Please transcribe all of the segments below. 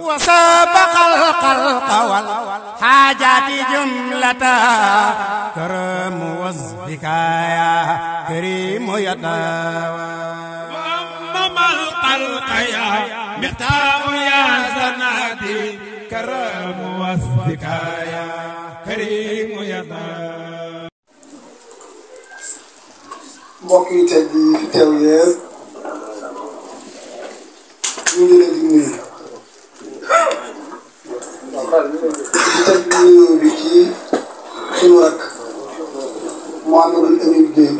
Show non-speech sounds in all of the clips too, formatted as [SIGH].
وسابق الخلق والحاجات جملة كرم وزبك يا كريم يتاوى وأمم الخلق يا مقتاع يا زنادي كرم وزبك يا كريم يتاوى mbokk yi tey jii fi teew yéen ñu ngi leen di nuyu di teg nuyoo bi ci suñu rakk Mouhamadou Amine Gueye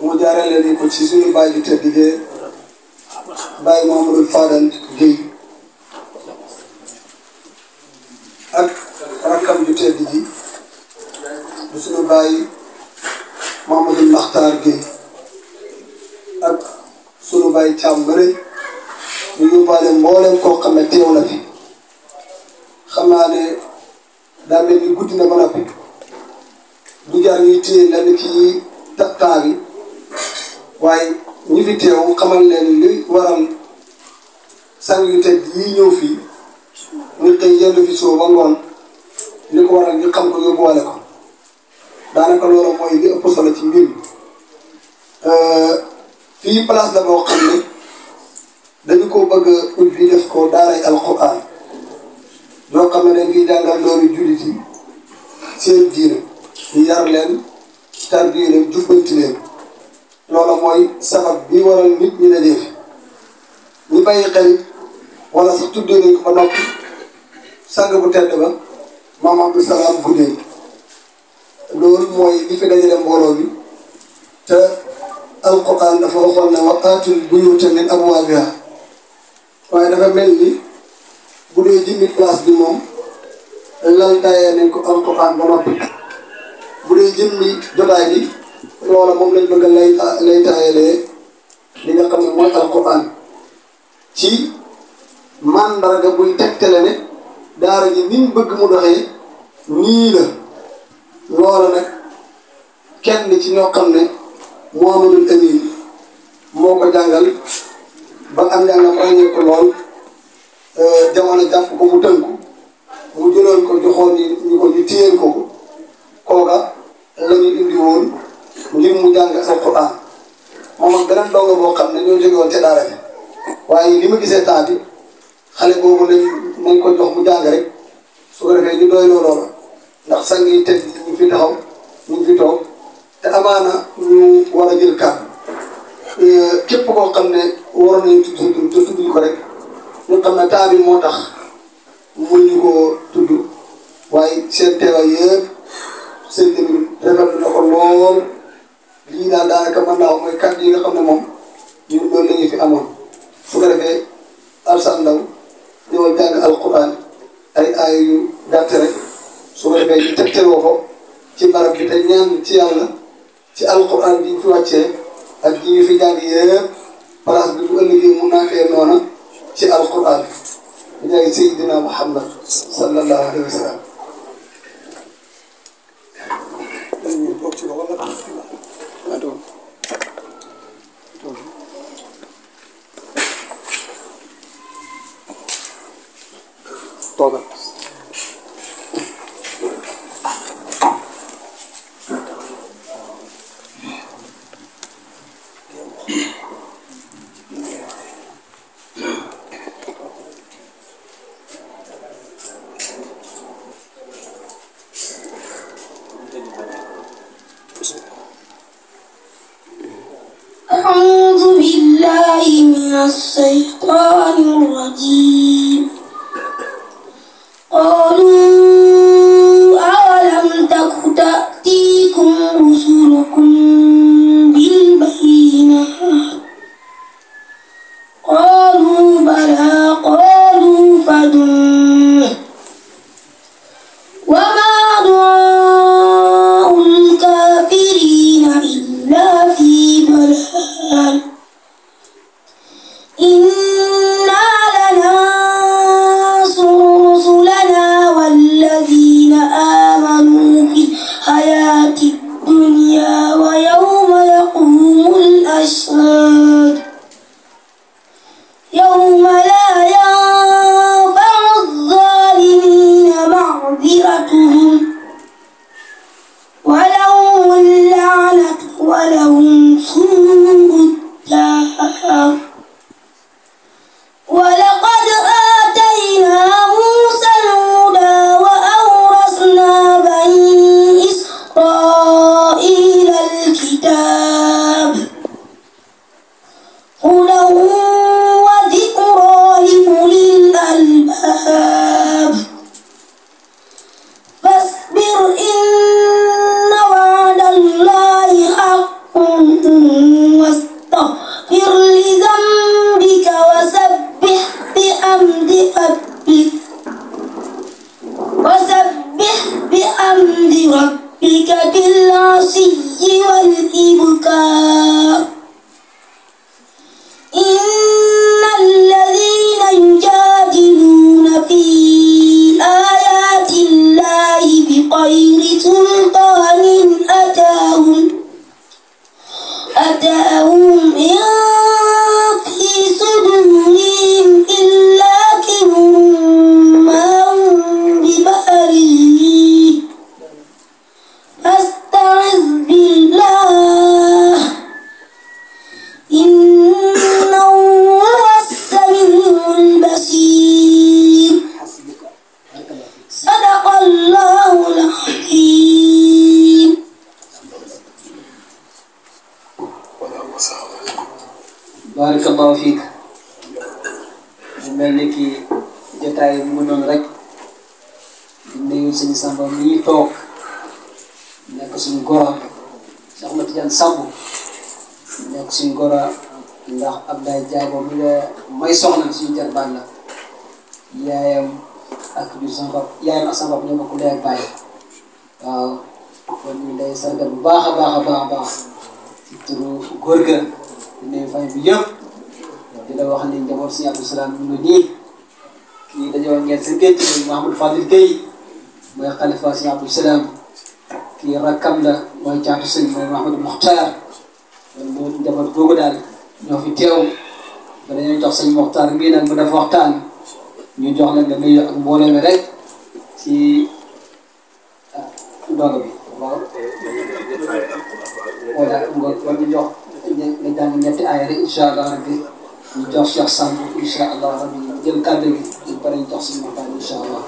mu jaarale ni ko ci suñu baay bi tedd bi Baye Mouhamadou Fadal Gueye ak rakkam baay Mouhamadou Makhtar Gueye ak suñu baay Thiam Mbare xam ne teew na fi xam naa ne daa mel ni guddi na ba noppi du jar ñuy téye lenn ci temps bi waaye ñi fi teew xamal leen li waral sang yu tedd yi ñëw fii muy xëy yenn fi xam ko yóbbuwaale ko solo ci mbir mi euh, fii place la boo xam ne dañu ko bëgg a ubbi def ko daaray alquran yoo xam ne dañ koy jàngal doomi jullit yi seen diine ñu yar leen tarbiye leen jubbanti leen loola mooy sabab bi waral nit ñi dajee fi ñu bàyyi xel wala sax tuddee nañ ko ba noppi sang bu tedd ba maam Abdou Salaam guddee loolu mooy li fi dajale mbooloo bi te alquran dafa waxoon ne wa aatul buyuuta min abwaabiha waaye dafa mel ni bude dee ci biir classe bi lal tayee nañ ko alquran ba noppi bude dee jëmmi jotaay bi lola mom lañ bëgg lay lay taayalee li nga xam ne mooy alquran ci màndarga buy tektale ne daara ji nim bëgg mu doxé ni la lola nak kenn ci ño xam ne Amin moko jangal ba am njàngam ràññee ko lool jamono jàpp ko mu tënku mu jëloon ko joxoon ni ñu ko ñu téyeel ko kooka la ñu indi woon ngir mu jàng alquran moom ak beneen dongo boo xam ne ñoo jóge woon waaye li ma gisee temps bi xale ko jox mu jàng rek su ñu doy looloo ndax sang yi teg ñu fi taxaw ñu fi toog te amaana ñu war a jël kàddu euh, képp koo xam ne waroon nañu tudd ko rek. ñu xam na temps moo tax mun ñu koo tudd waaye seen teewaay yëpp seen déglu rafetlu na ko lool li ñu daal daanaka mën naa mooy kàddu yi nga xam ne moom ñu loolu ñu fi amoon su ko defee alsan ndaw ñëwal jàng alquran ay aaya yu gàtt rek su ko defee ñu tegtaloo ko ci barab bi te ñaan ci yàlla ci alquran bi ñu fi wàccee ak ji ñu fi jàng yëpp place bi bu ëllëgee mun naa fee noona في القرآن إلى سيدنا محمد صلى الله عليه وسلم طبعا nascer para é o Olha. mu ngi nii kii dañoo ngeen sa géej gi Mahamadou Fadil Gueye mooy xalifa si Abdou Salaam kii rakkam la mooy caatu sëñ mooy Mahamadou Mokhtar loolu moom njaboot googu daal ñoo fi teew ba dañoo jox sëñ Mokhtar mii nag mu def waxtaan jox la nga nuyu ak mbooloo mi rek ah, bi nga kon ñu jox nga jàng ñu jox Cheikh Samb incha allah rabi jël kàddu gi ñu pare ñu jox suñu waxtaan incha allah.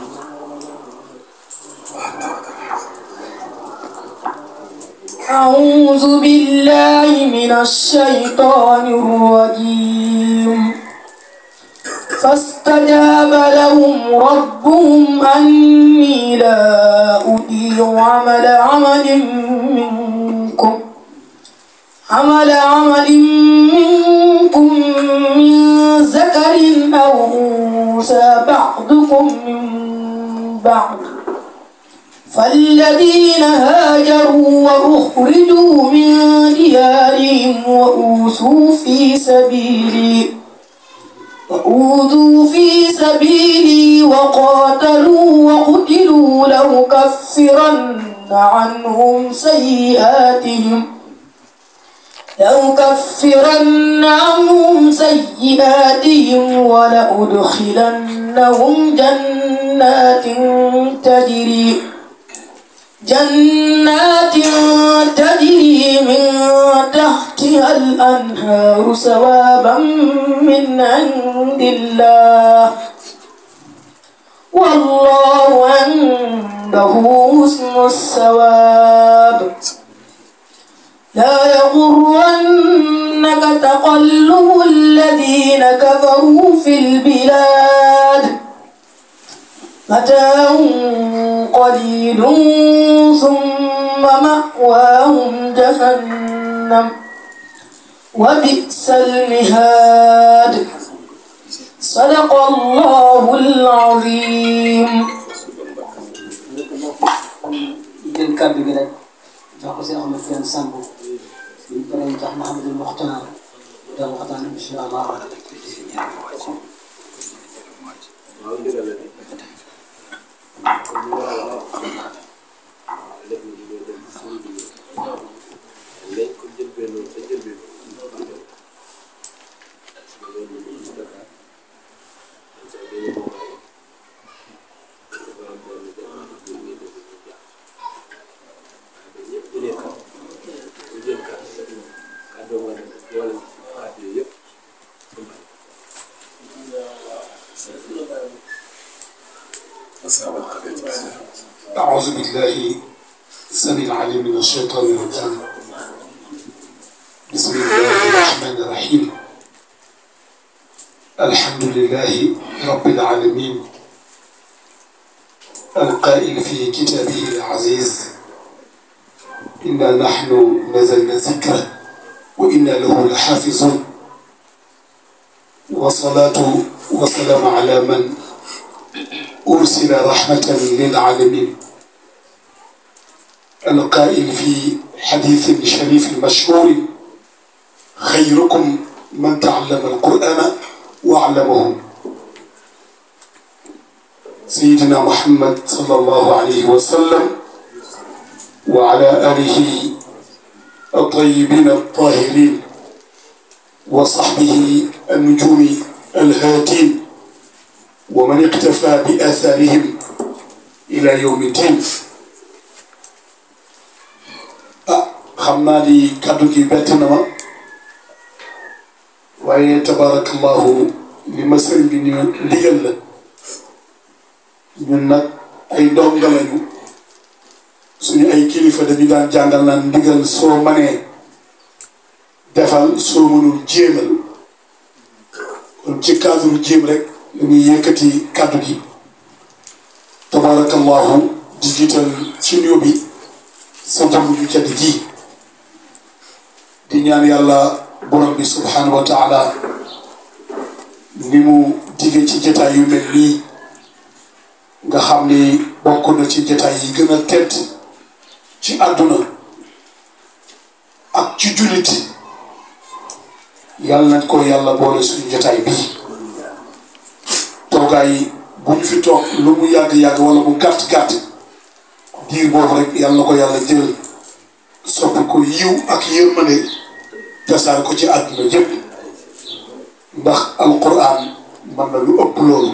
أعوذ بالله من الشيطان الرجيم فاستجاب لهم ربهم أني لا أضيع عمل عمل منكم عمل عمل منكم موسى بعضكم من بعض فالذين هاجروا وأخرجوا من ديارهم وأوسوا في سبيلي وأوذوا في سبيلي وقاتلوا وقتلوا لأكفرن عنهم سيئاتهم لأكفرن عنهم سيئاتهم ولأدخلنهم جنات تجري جنات تجري من تحتها الأنهار ثوابا من عند الله والله عنده حسن الثواب لا يغرنك تقلب الذين كفروا في البلاد متاع قليل ثم مأواهم جهنم وبئس المهاد صدق الله العظيم Jangan kau gi jangan kau ko si Ahmed Tidiane البني تاع محمد المختار ودا الوطن ان شاء الله الحمد لله أعوذ بالله السميع العليم من الشيطان الرجيم بسم الله الرحمن الرحيم الحمد لله رب العالمين القائل في كتابه العزيز إنا نحن نزلنا ذكره وإنا له لحافظ وصلاة وسلام على من أرسل رحمة للعالمين القائل في حديث شريف مشهور خيركم من تعلم القرآن وعلمه سيدنا محمد صلى الله عليه وسلم وعلى آله الطيبين الطاهرين وصحبه النجوم الهاتين ومن اكتفى بآثارهم إلى يوم الدين آه، خمنا لي كدوك بيتنا ما وهي تبارك الله لمسرين بني ليال ننا أي دوم غلانيو سني أي كيلفة دبيدان جاندان لان ديغل سو مني دفال سو منو جيمل كون تي كادرو جيم رك ñuy yëkkati kàddu gi tabarakallahu di jiital ci nuyoo bi sa jëmm ju tedd ji di ñaan yàlla borom bi subhanahu wa taala ni mu digee ci jataay yu mel nii nga xam ni bokk na ci jataay yi gën a tedd ci àdduna ak ci jullit yàlla nañ ko yàlla boole suñu jataay bii toogaay bu ñu fi toog lu mu yàgg-yàgg wala bu gàtt-gàtt diir boobu rek yàlla na ko yàlla jël soppi ko yiw ak yërmande tasaar ko ci àdduna yëpp ndax alquran mën na lu ëpp loolu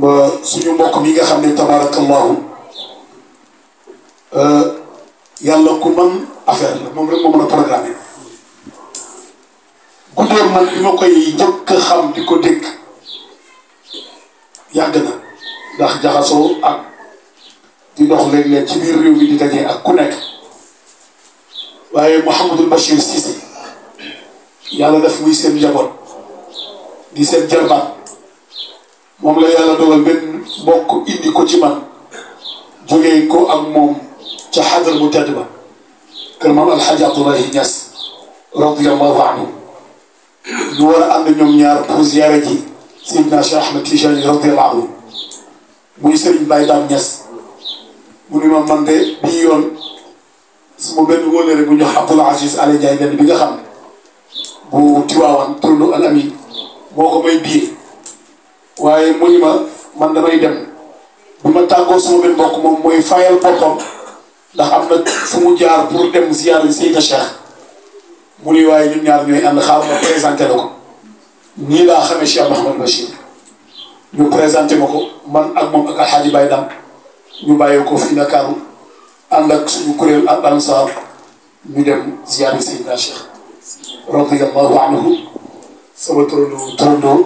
ba suñu mbokk mi nga xam ne tabarakallahu euh, yàlla ku mën affaire la moom rek moo mën couleur man bi ma koy jëkk xam di ko dégg yàgg na ndax jaxasoo ak di dox léeg-léeg ci biir réew mi di dajee ak ku nekk waaye Mouhamadul Bachir Cissé yàlla def muy seen njaboot di seen jarbaat moom la yàlla dogal benn mbokk indi ko ci man jógee ko ak moom ca xadar bu tedd ba kër maam alxaaji Abdoulaye Niass radiyallahu anhu ñu war a ànd ñoom ñaar pour ziyaare ji Seydina Cheikh Ahmed Tijani radiyallahu anhu muy Serigne Baye Dame Niass mu ni ma man bii yoon suma benn wóolare bu ñu wax Abdoul Aziz Alé Ndiaye benn bi nga xam bu Tiwaawan turnu al amin moo ko may biyee waaye mu ni ma man damay dem bi ma tàggoo suma benn mbokk moom mooy fayal boppam ndax am na fu mu jaar pour dem ziyaare Seydina Cheikh mu ni waaye ñun ñaar ñooy ànd xaaral ma présenté la ko nii laa xamee Cheikh Mouhamadou Bachir ñu présenté ma ko man ak moom ak Alxaaji Baye Dam ñu bàyyi ko fii Ndakaaru ànd ak suñu kuréel ak Ansaar ñu dem ziyaari Seydina Cheikh radiyallahu anhu sama turandoo turandoo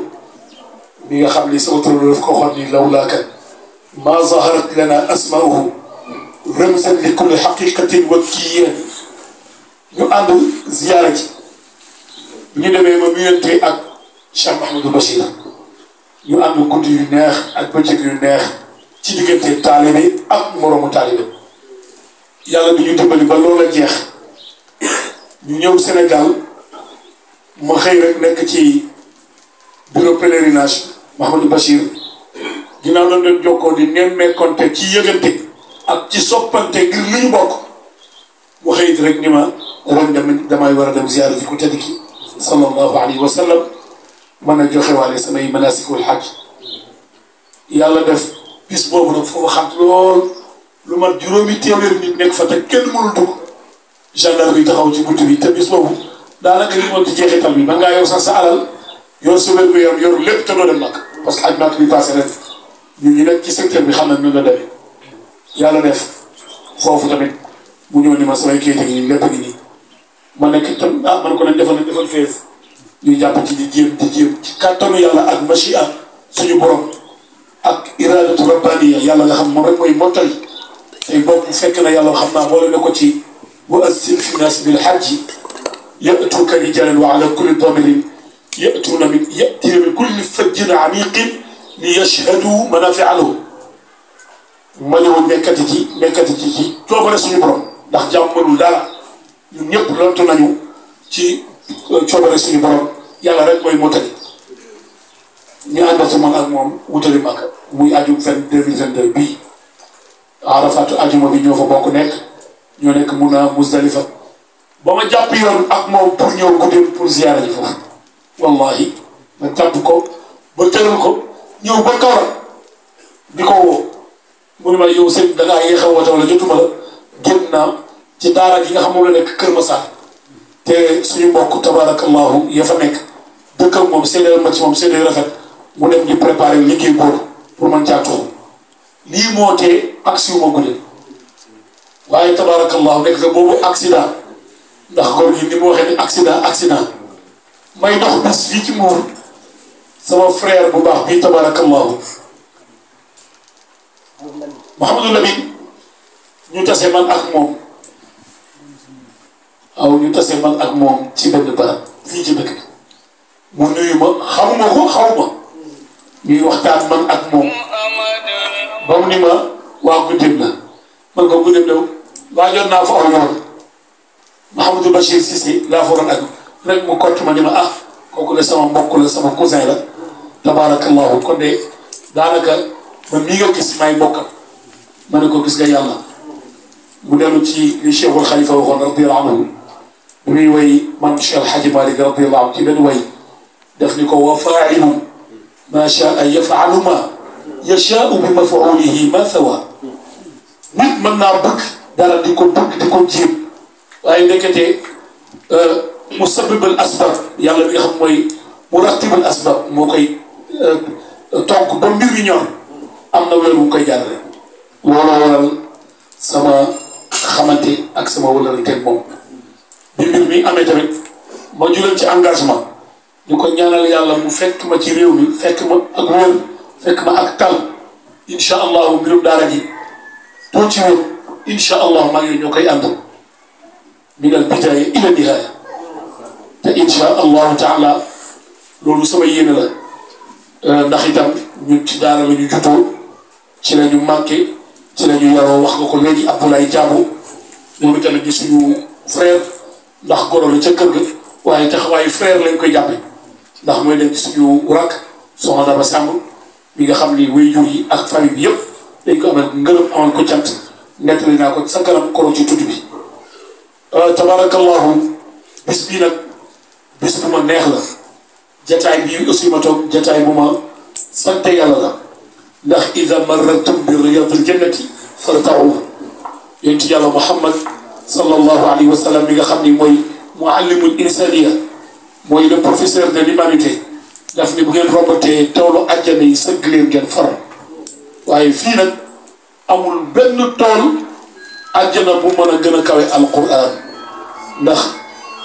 mi nga xam ni sama turandoo daf ko xool ni lawlaa kan maa zaharat lana asmauhu ramzan li kulli xaqiqatin wa kiyaani ñu ànd ziyaara ci ñu demee ma nuyante ak Cheikh Mahamadou Bachir ñu ànd guddi yu neex ak bëccëg yu neex ci diggante taalibe ak moroomu taalibe yàlla bi ñu dimbali ba loola jeex ñu ñëw senegal ma xëy rek nekk ci bureau pèlerinage Mahamadou Bachir ginnaaw lañ leen jokkoo di neen ci yëgante ak ci soppante ngir lu bokk waxee rek ni ma damañ dem damay war a dem ziyaara ji ku tedd ki sallallahu alayhi wa sallam mën a joxe waale samay manasikul xaj yàlla def bis boobu nag foofu xat lool lu mat juróomi téeméer nit nekk fa te kenn mënul dugg gendarme yi taxaw ci bunt bi te bis boobu daanaka li moom ci jeexital bi mën ngaa yor sax sa alal yor sa wér gu yaram yor lépp te doo dem nag parce que aj nag bi passé ren ñu ñu nekk ci secteur bi xam nañ nu la demee yàlla def foofu tamit mu ñëw ni ma samay kayit yi lépp ngi nii ma nekk tam ah man ko nañ defal nañ defal fees ñu jàpp ci di jéem di jéem ci kàttanu yàlla ak machia suñu borom ak iradatu rabbaniya yàlla nga xam moom rek mooy mottali tey boobu fekk na yàlla xam naa boole na ko ci wa assil fi naas bil hajji yatuuka rijalan wa ala kulli damirin yatuuna min yatina min kulli fajjin amiqin li yashhadu manafia lahum ma ñëw nekkati ci nekkati ci ci toobale suñu borom ndax jàmm mënul dara ñun ñëpp lontu nañu ci euh, coobare suñu borom yàlla rek mooy motali ñu àndal su man ak moom wutali màkk muy aju vingt deux mille vingt bii arafatu ajuma bi ñoo fa bokk nekk ñoo nekk mun a musdalifa ba ma jàpp yoon ak moom pour ñëw guddi pour ziyaara ji foofu wallahi ma jàpp ko ba tëral ko ñëw ba kawar di ko woo mu ne yow sëñ dangaa yéex a woote jotuma la génn naa ci daara ji nga xam moom la nekk Kër Masar te suñu mbokk tabarakallahu ya fa nekk dëkk ak moom seen mag ci moom seen rafet mu dem di préparer liggéey boobu pour mën caa tuxu lii moo tee aksi wu ma guddee waaye tabarakallahu nekk nga boobu accident ndax góor gi ni mu waxee ni accident accident may dox bis fii ci muur sama frère bu baax bii tabarakallahu Mouhamadou Lamine ñu tase man ak moom أو يتصل من أكمل تبين بقى في جبك منو يما خامو خو خامو مي وقتان من أكمل بمني ما واقدمنا من قدمنا واجرنا فوريون محمد بشير سيسي لا فوران أكو رك مكوت مني ما أخ آه، كوكل سما مكوكل سما كوزيلا تبارك الله كندي دارك من ميجو كسماي مكا منو كوكس جاي الله مدلوتي لشيخ الخليفة وخنر رضي الله عنه bu ñuy way maam Cheikh El Hadj Malick radiyallahu anhu ci benn way daf ni ko wa faa'ilu maa shaa yaf'alu maa yashaa'u bi maf'uulihi maa sawaa nit mën naa bëgg dara di ko bëgg di ko jéem waaye nekkatee euh, musabbibul asbab yàlla bi nga xam mooy murattibul asbab moo koy euh, tonk ba mbir yi ñor am na weer wu koy jaarale looloo waral sama xamante ak sama wëlarante moom. bi mbir mi amee tamit ma jural ci engagement ñu ko ñaanal yàlla mu fekk ma ci réew mi fekk ma ak wóor fekk ma ak tal incha allahu mbirum daara ji boo ci wóor incha allahu maa ngi ñoo koy ànd min al bidaaya ila nihaaya te incha allahu taala loolu sama yéene la euh, ndax itam ñun ci daara la ñu jutoo ci la ñu ci la ñu yaroo wax nga ko léegi Abdoulaye Diabo moom itamit di ndax goro la ca kër ga waaye taxawaayu frère lañ koy jàppe ndax mooy nekk suñu rakk soxna Daba Samb bi nga xam ni waajur yi ak famille bi yëpp dañ ko amal ngërëm amal ko cant nettali naa ko sa kanam koro ci tudd bi tabarakallahu bis bii nag bis bu ma neex la jataay bii aussi ma toog jataay bu ma sante yàlla la ndax ida marratum bi riyadul jannati fartaxu yéen yàlla Muhammad صلى الله عليه وسلم بيغا خامني موي معلم الانسانيه موي لو بروفيسور دي ليمانيتي داف ني بوغين روبوتي تولو اجاني سغ لين ген فور واي في نا امول بن تول اجانا بو مانا غنا كاوي القران داخ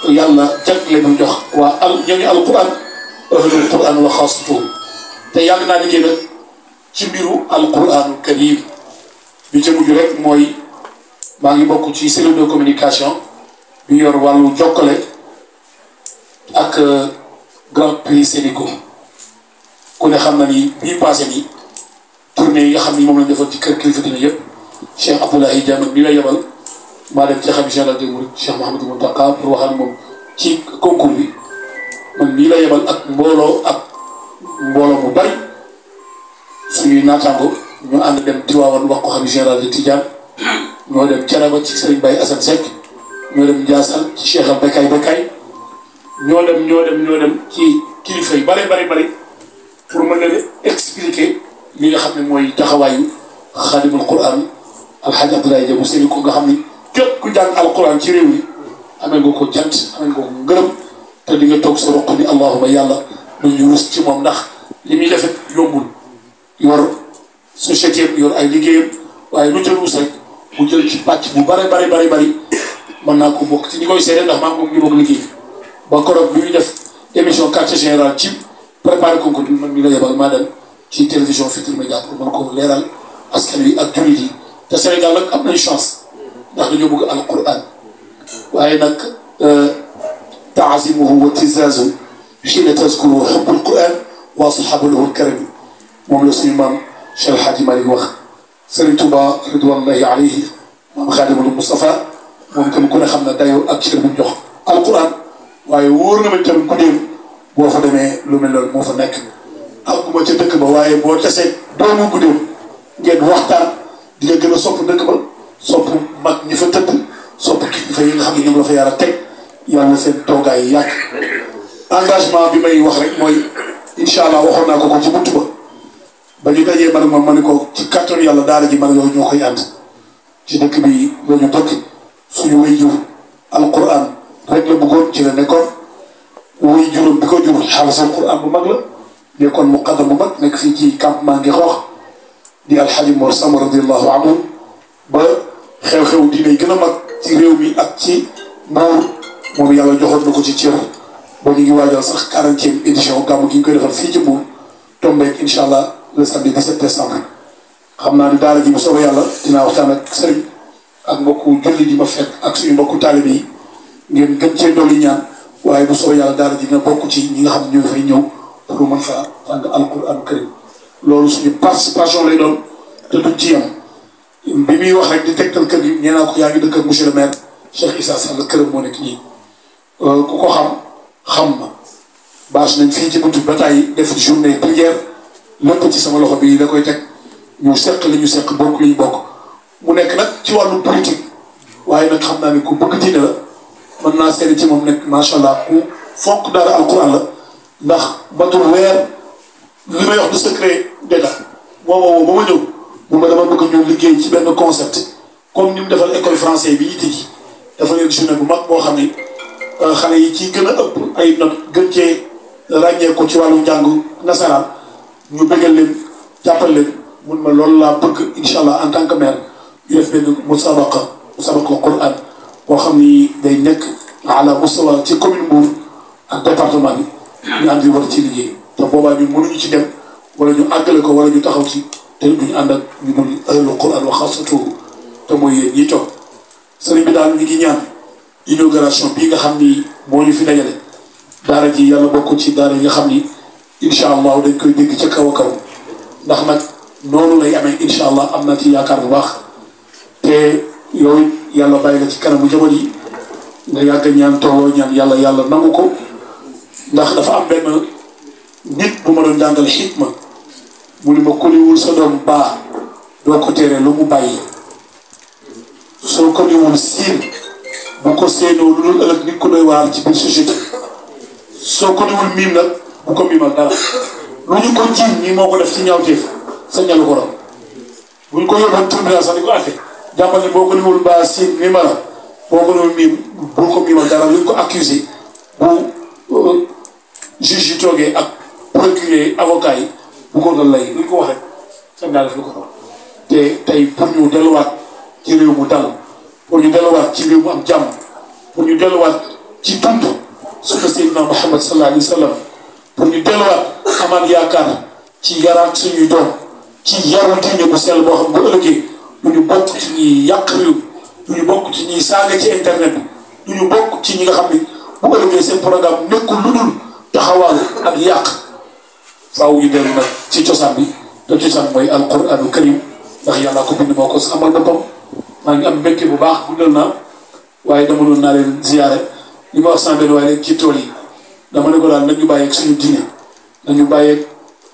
يالا تاك لي نو جوخ وا ال نيغي القران اهل القران وخاصته تي يغنا ني كي نا تي القران الكريم بي تي موجو رك موي maa ngi bokk ci cellule de communication bi yor wàllu jokkale ak euh, Grand Prix Sénégal ku ne xam na ni bii passé nii tournée yi nga xam ni moom lañ defoon ci kër kilifa dina yëpp Cheikh Abdoulaye Diame la yebal maa dem ci xam général de Mouride Cheikh Mouhamadou Mountakha pour waxal moom ci concours bi man mii la yebal ak mbooloo ak mbooloo mu bari suñuy naataango ñu ànd dem Tiwaawan wax ko xam général de Tidiane ñoo dem Thiénaba ci Serigne Baye Assane Seck ñoo dem Ndiassane ci Cheikh Ab Bekkaay Bekkaay ñoo dem ñoo dem ñoo dem ci kilifa yu bari bari bari pour mën leen expliquer li nga xam ne mooy taxawaayu xaadimul quran alxaaj Abdoulaye Dia bu sëriñ ko nga xam ni képp ku jàng alquran ci réew mi amee nga ko jant amee nga ko ngërëm te di nga toog sa roq ni allahuma yàlla nu ñu rus ci moom ndax li muy defet yombul yor société yor ay liggéeyam waaye lu ca ruus rek mu jël ci pàcc bu bare bare bare bari mën naa ci ñi koy ndax maa ngi bokk liggéey ba koroog bi def émission quartier général ci préparé concours bi man mi la yebal maa dem ci télévision Futurs Médias pour mën ko leeral askan wi ak jullit yi te Sénégal nag am nañ chance ndax dañoo bëgg al Quran waaye nag taazimuhu wa tizaazu xiina taskuru xubbul Quran waa saxaaba lahu karam moom la suñu maam سيدي توبا رضوان الله عليه مام خادم المصطفى ممكن كنا خمنا دايو اكثر من جوخ القران واي وورنا من تام كوديم بو فا ديمي لو مل لول موفا نيك اكوما تي دك با واي بو تاسي دومو كوديم نين وقتان ديغا گنا سوب دك با سوب ماك ني فا تد سوب كي فا ييغا خامي نيم لا فا يارا تك يالنا سي توغاي ياك انغاجمان بي ماي واخ رك موي ان شاء الله واخو نكو كو تي بجداجي من من من كو كاتوري الله دار جي من يهون يهون يهون جدك بي لون يتوك سيو ويجو القرآن رجل بقول جل نكون ويجو بقول جل حافظ القرآن بمغل يكون مقدم بمغل نكفي كي كم من غير دي الحاج مرسام رضي الله عنه ب خير خير ودي نيجنا ما تريو مي أتي نور مومي الله جهور نكو تشير بني جوا جالس كارنتين إن شاء الله كم كي كده فرسي جمو تومبك إن شاء الله le samedi 17 décembre xam naa ni daara ji bu soobee yàlla dinaa waxtaan ak sëriñ ak mbokku julli di ma fekk ak suñu mbokku taalibe yi ngeen gën cee dolli ñaan waaye bu soobee yàlla daara ji dina bokk ci ñi nga xam ne ñoo fay ñëw pour mën fa jàng alquran karim loolu suñu participation lay doon te duñ ci yem bi muy wax rek di tegtal kër yi nee naa ko yaa ngi dëkk ak monsieur le maire Cheikh Issa Sall këram moo nekk nii euh, ku ko xam xam ma bâche nañ fi ci buntu bataay def journée prière lekk ci sama loxo bi da koy teg ñu seq li ñu seq bokk li bokk mu nekk nag ci wàllu politique waaye nag xam naa ne ku bëgg diine la mën naa seede ci moom nekk macha allah ku fonk daara alquran la ndax matul weer li may wax du secret d'état moo woo ba ma ñëw mu ma dama bëgg ñu liggéey ci benn concept comme ni mu defal école français bi yitte ji dafa leen journée bu mag boo xam ni euh, xale yi ci gën a ëpp ay not gën cee ràññee ci wàllu njàng nasaraan ñu bëggal leen jàppal leen mun ma loolu laa bëgg incha allah en tant que maire ñu def benn musabaqa musabaqa quran boo xam ni day nekk ala musala ci commune Mbour ak département bi ñu ànd war ci liggéey te boobaa ñun mënuñu ci dem wala ñu àggale ko wala ñu taxaw ci te duñu ànd ak ñu dul ahlul quran wa xaasatu te mooy yéen ñi toog sëriñ bi daal ñu ngi ñaan inauguration bii nga xam ni moo ñu fi dajale daara ji yàlla bokk ci daara yi nga xam ni incha allah dañ koy dégg ca kaw a kaw ndax nag noonu lay amee incha allah am na ci yaakaar bu baax te yooyu yàlla bàyyi la ci kanamu jamono yi nga yàgg ñaan tooloo ñaan yàlla yàlla nangu ko ndax dafa am benn nit bu ma doon jàngal xikma mu ni ma koliwul sa doom baax doo ko tere lu mu bàyyi soo koliwul siin bu ko seenoo lu dul ëllëg nit ko doy waar ci biir société soo koliwul miim nag bu ko miimal dara lu ñu ko jiiñ ñi moo ko def ci ñaaw sañalu ko raw buñ ko yóbboon tribunal sax di ko àtte jàppal ne boo ko niwul mbaa siin miimala boo ko niwul miim bul ko miimal dara luñ ko accusé bu euh, juge yi toogee ak procureur avocat yi bu ko doon lay luñ ko waxee sañal def lu ko raw te tey pour ñu delluwaat ci réew mu dal pour ñu delluwaat ci réew mu am jàmm pour ñu delluwaat ci dund sunna Seydina Muhammad sallallahu alayhi wa sallam pour ñu delluwaat amaat yaakaar ci yaraat suñuy doom ci yaru diine bu sell boo xam bu ëllëgee du ñu bokk ci ñuy yàq réew du ñu bokk ci ñuy saaga ci ñu bokk ci ñi nga xam ne bu ëllëgee seen programme nekkul lu dul taxawaal ak yàq faaw yu dellu nag ci cosaan bi te cosaan mooy alquranu karim ndax yàlla ko bind moo ko amal boppam maa ngi am mbégte bu baax mu guddal naa waaye dama doon naa leen ziyaare li ma wax sama waaye leen ci tool yi dama ne ko daal nañu baye bàyyeeg suñu diine nañu bàyyeeg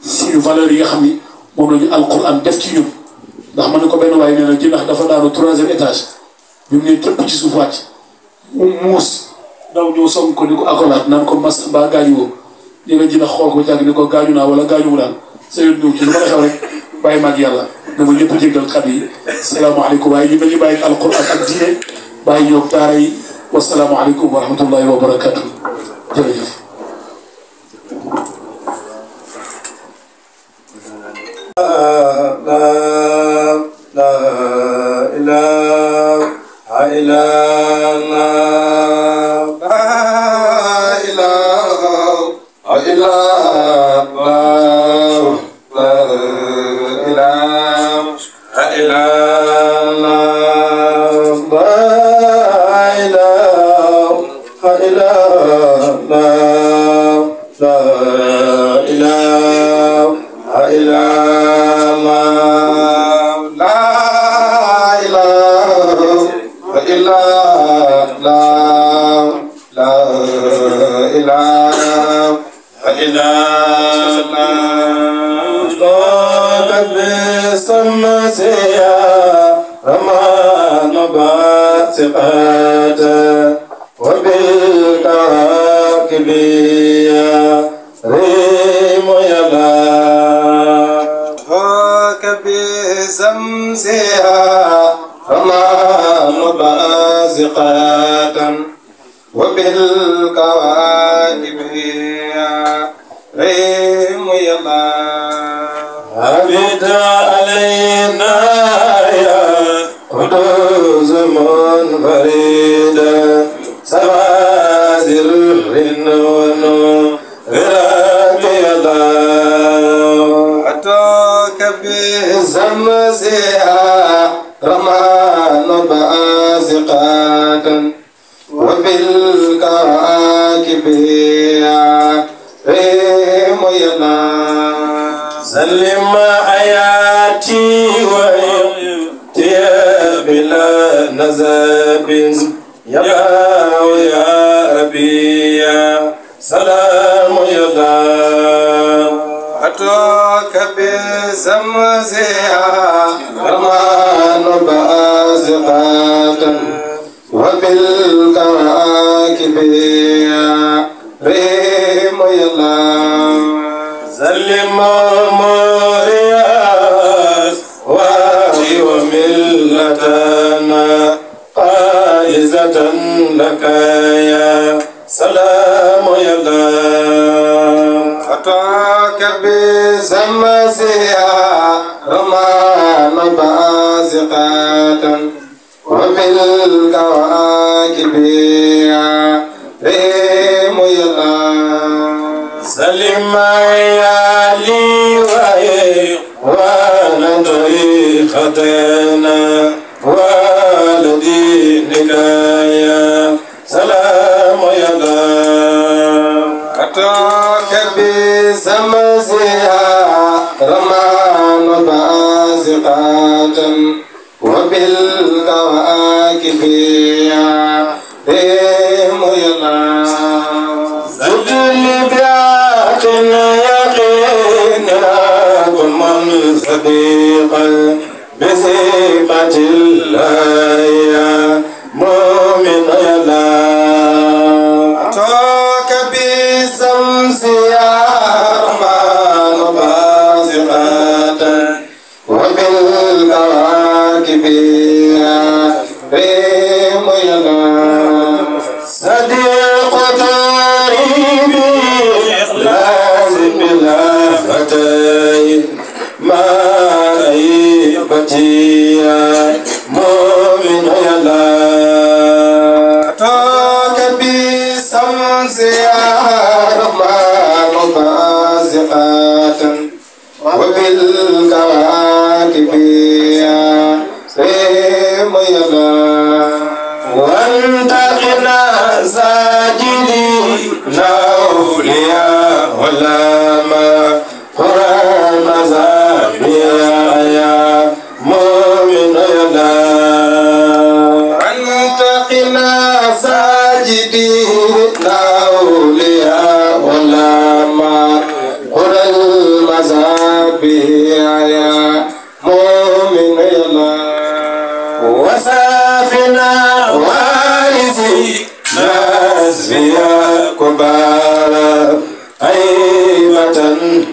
suñu valeur yi xamni mom lañu moom alquran def ci ñun ndax man ko benn way nee na ji ndax dafa daanu 3e étage bi mu ne tëpp ci suuf wàcc mu mus daw ñu song ko diko akolat nan ko mas ba gañu wo nee na ji ndax xool ko jagg ni ko gañu na wala gañu mu daal sa yoon ci lu ma la rek baye ma ak yàlla dama ñëpp jéggal kàddu yi salaamaaleykum waaye ñu dañu baye alquran ak diine baye ñok daara yi wasalaamualeykum wa rahmatullahi wa barakatu لا إله إلا mais وبالكواكب ريم يلا زجل بيات يقينا قل من صديقا بثقة الله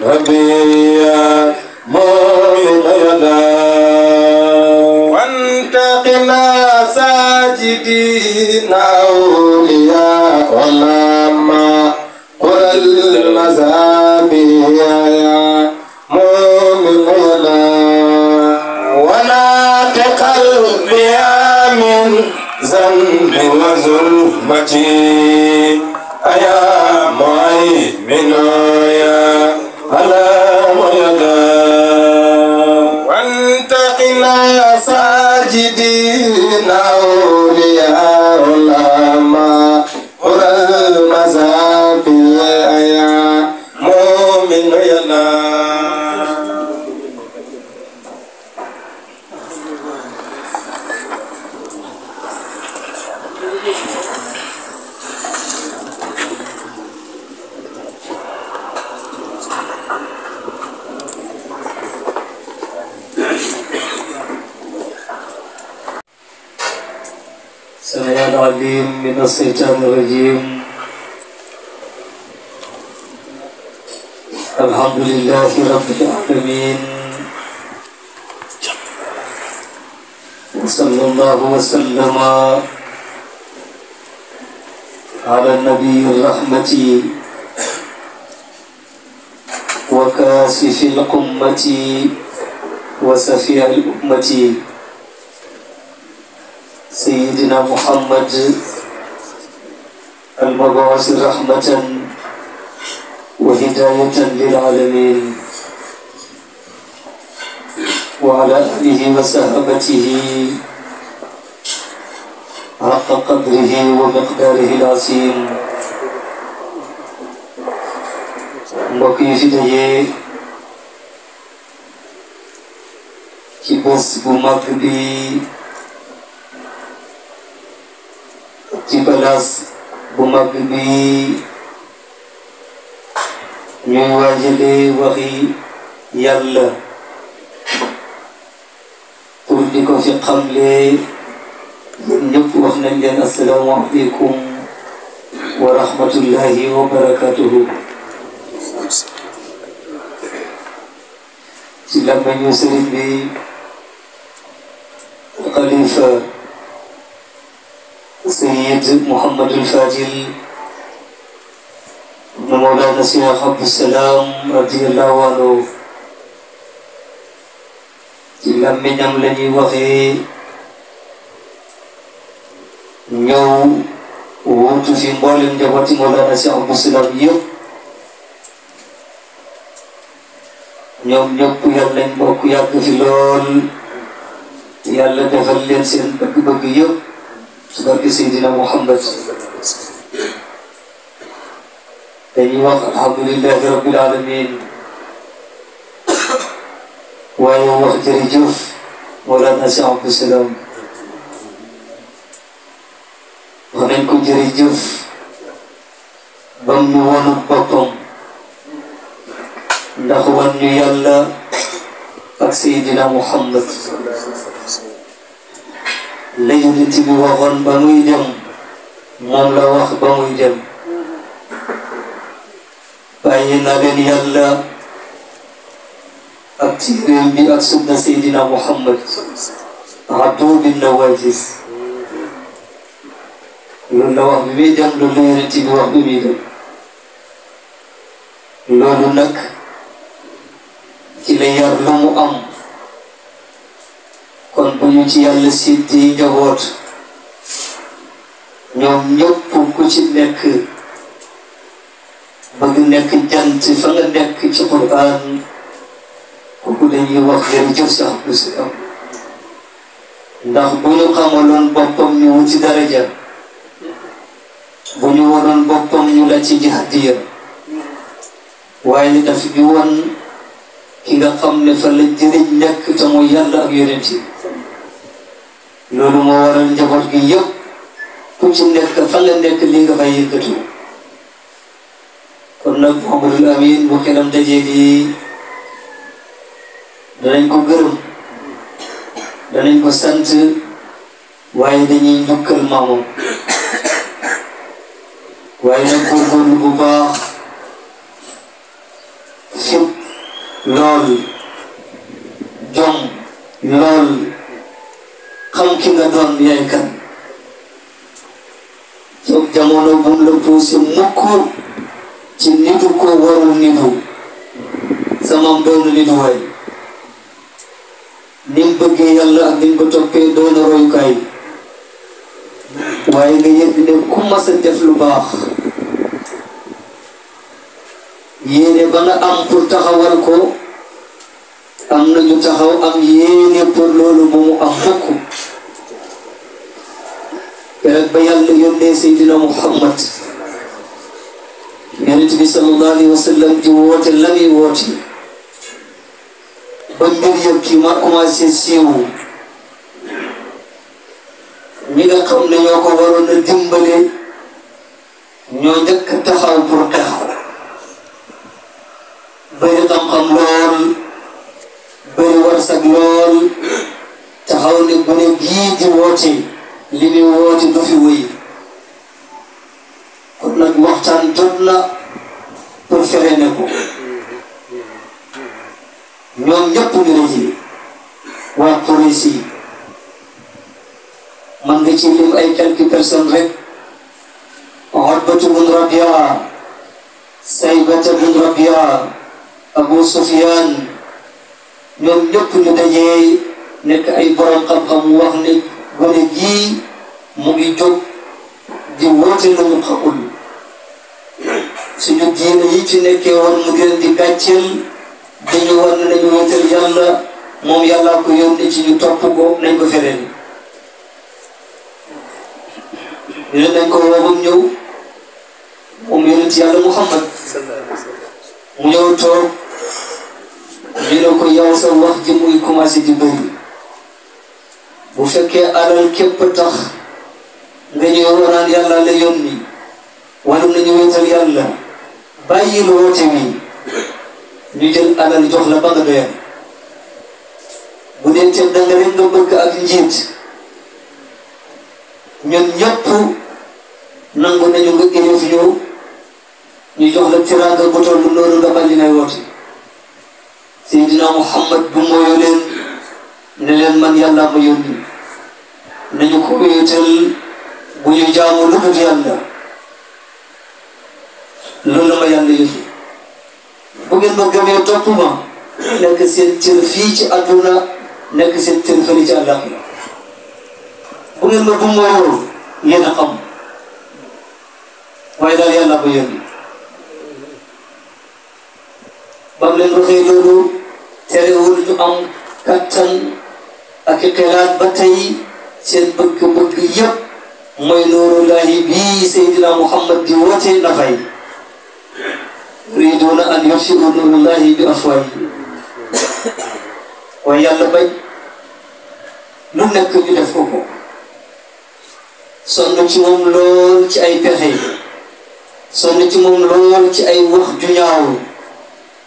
ربي الماجدين أولياء ولما قل المزامير يا مؤمن ولا ولا تقلب يا من ذنب وظلمة أيا مؤمن يا ألا ويدا وانت يا ساجدين yeye qui pense pour m'appeler qui balance pour m'appeler ñu waajalee waxi yàlla pour di ko fi xamle ñëpp wax nañ leen asalaamaaleykum wa rahmatullahi wa barakatuhu إلا من يسري به الخليفة سيد محمد الفاجل بن مولانا شيخ عبد السلام رضي الله عنه ci làmmiñam la ñuy waxee ñëw wuutu fi mboolem njabooti Mawlana Cheikh Abdou Salam yëpp يوم يبقى يلين بوك يبقى فيلول يلا تفلين سين بك بك يب سبك سيدنا محمد تاني وقت الحمد لله رب العالمين ويوم وقت رجوف ولا نسي عبد السلام ومن كنت رجوف بم ونبطم ndax wàllu yàlla ak Seydina Muhammad la yonent waxoon ba muy dem moom la wax ba muy dem bàyyi na leen yàlla ak téeréem bi ak sunna Seydina Muhammad addu bin nawaajis loolu la wax bi muy dem loolu la yonent bi wax bi muy dem loolu nag ci la yar la mu am kon bu ñu ci yàlla yi njaboot ñoom ñëpp ku ci nekk bëgg nekk jant fa nga nekk ci Qur'an kooku dañuy wax jërëjëf sax du si am ndax bu ñu xamaloon boppam ñu wuti daraja bu ñu waroon boppam ñu la ci jahdiya waaye daf ñu woon ki nga xam ne fa la jëriñ nekk te mooy yàlla loolu moo waral gi yëpp ku ci nekk fa la nekk li nga fay yëkkatu kon nag Mouhamadul Amin bu kenam dajee gi danañ ko gërëm danañ ko sant waaye dañuy njukkal maamam [COUGHS] waaye nag góorgóorlu bu baax lool jom lool xam ki nga doon yaay kan soo jamono bu mu la poussé mukk ci nitu ko warul nitu sama doonu nitu waay ni bëggee yàlla ak ni mu toppee doona royukaay waaye nga yëg ne ku mas def lu baax yéene ba nga am pour taxawal am na ñu taxaw am yéene pour loolu ba mu am fukk keroog ba yàlla yónnee Muhammad yonent bi sallallahu alayhi wa sallam di woote la muy woote ba mbir yëpp ki ma commencé siiw ñi nga xam ne ñoo ko waroon a dimbale ñoo njëkk taxaw pour bëri xam-xam lool bëri warsak lool taxaw ne gii di woote li muy woote du fi wéy kon nag waxtaan jot na pour fexe ne ko ñoom ñëpp ñu ngi ji waa Quraysh yi man nga ci lim ay quelques personnes rek Utbatu Rabia Abu Sufyaan ñoom ñëpp ñu dajee nekk ay borom xam-xam wax ne gone jii mu ngi jóg di woote lu mu xamul suñu diine yi ci nekkee woon mu gën di gàcceel moom yàlla ko yónni ci ñu topp ko nañ ko fereen ñu nañ ko woo ba mu ñëw moom yonent yàlla Muhammad mu ñëw toog yow sa wax ji muy commencé di bëri bu fekkee alal képp tax nga ñëw waraan yàlla la yónni wala nañu wéetal yàlla bàyyi lu woote wi ñu jël alal jox la ba bu dee danga rek nga bëgg ak njiit ñun ñëpp nangu nañu nga énëf ñëw ñu jox la tiraanga bu toll noonu nga bàyyi nay Seydina Muhammad bu mooyo leen ne leen man yàlla ma yónni nañu ko wéetal bu ñu jaamu lu dul yàlla loolu la ma yàlla yónni bu ngeen ma gëmee topp ma nekk seen cër fii ci àdduna nekk seen cër fële ci àllaaxira bu ma bu mooyoo yéen a xam waaye daal yàlla ma yónni ba mu leen waxee loolu terewul ñu am kattan ak xelaat ba tey seen bëgg-bëgg yëpp mooy nooru laahi bii Seydina Muhammad di woote na fay yuriduuna an yutfiu bi afwaahihim waaye yàlla bañ lu nekk ñu def ko ko sonn ci moom lool ci ay pexe sonn ci moom lool ci ay wax ju ñaaw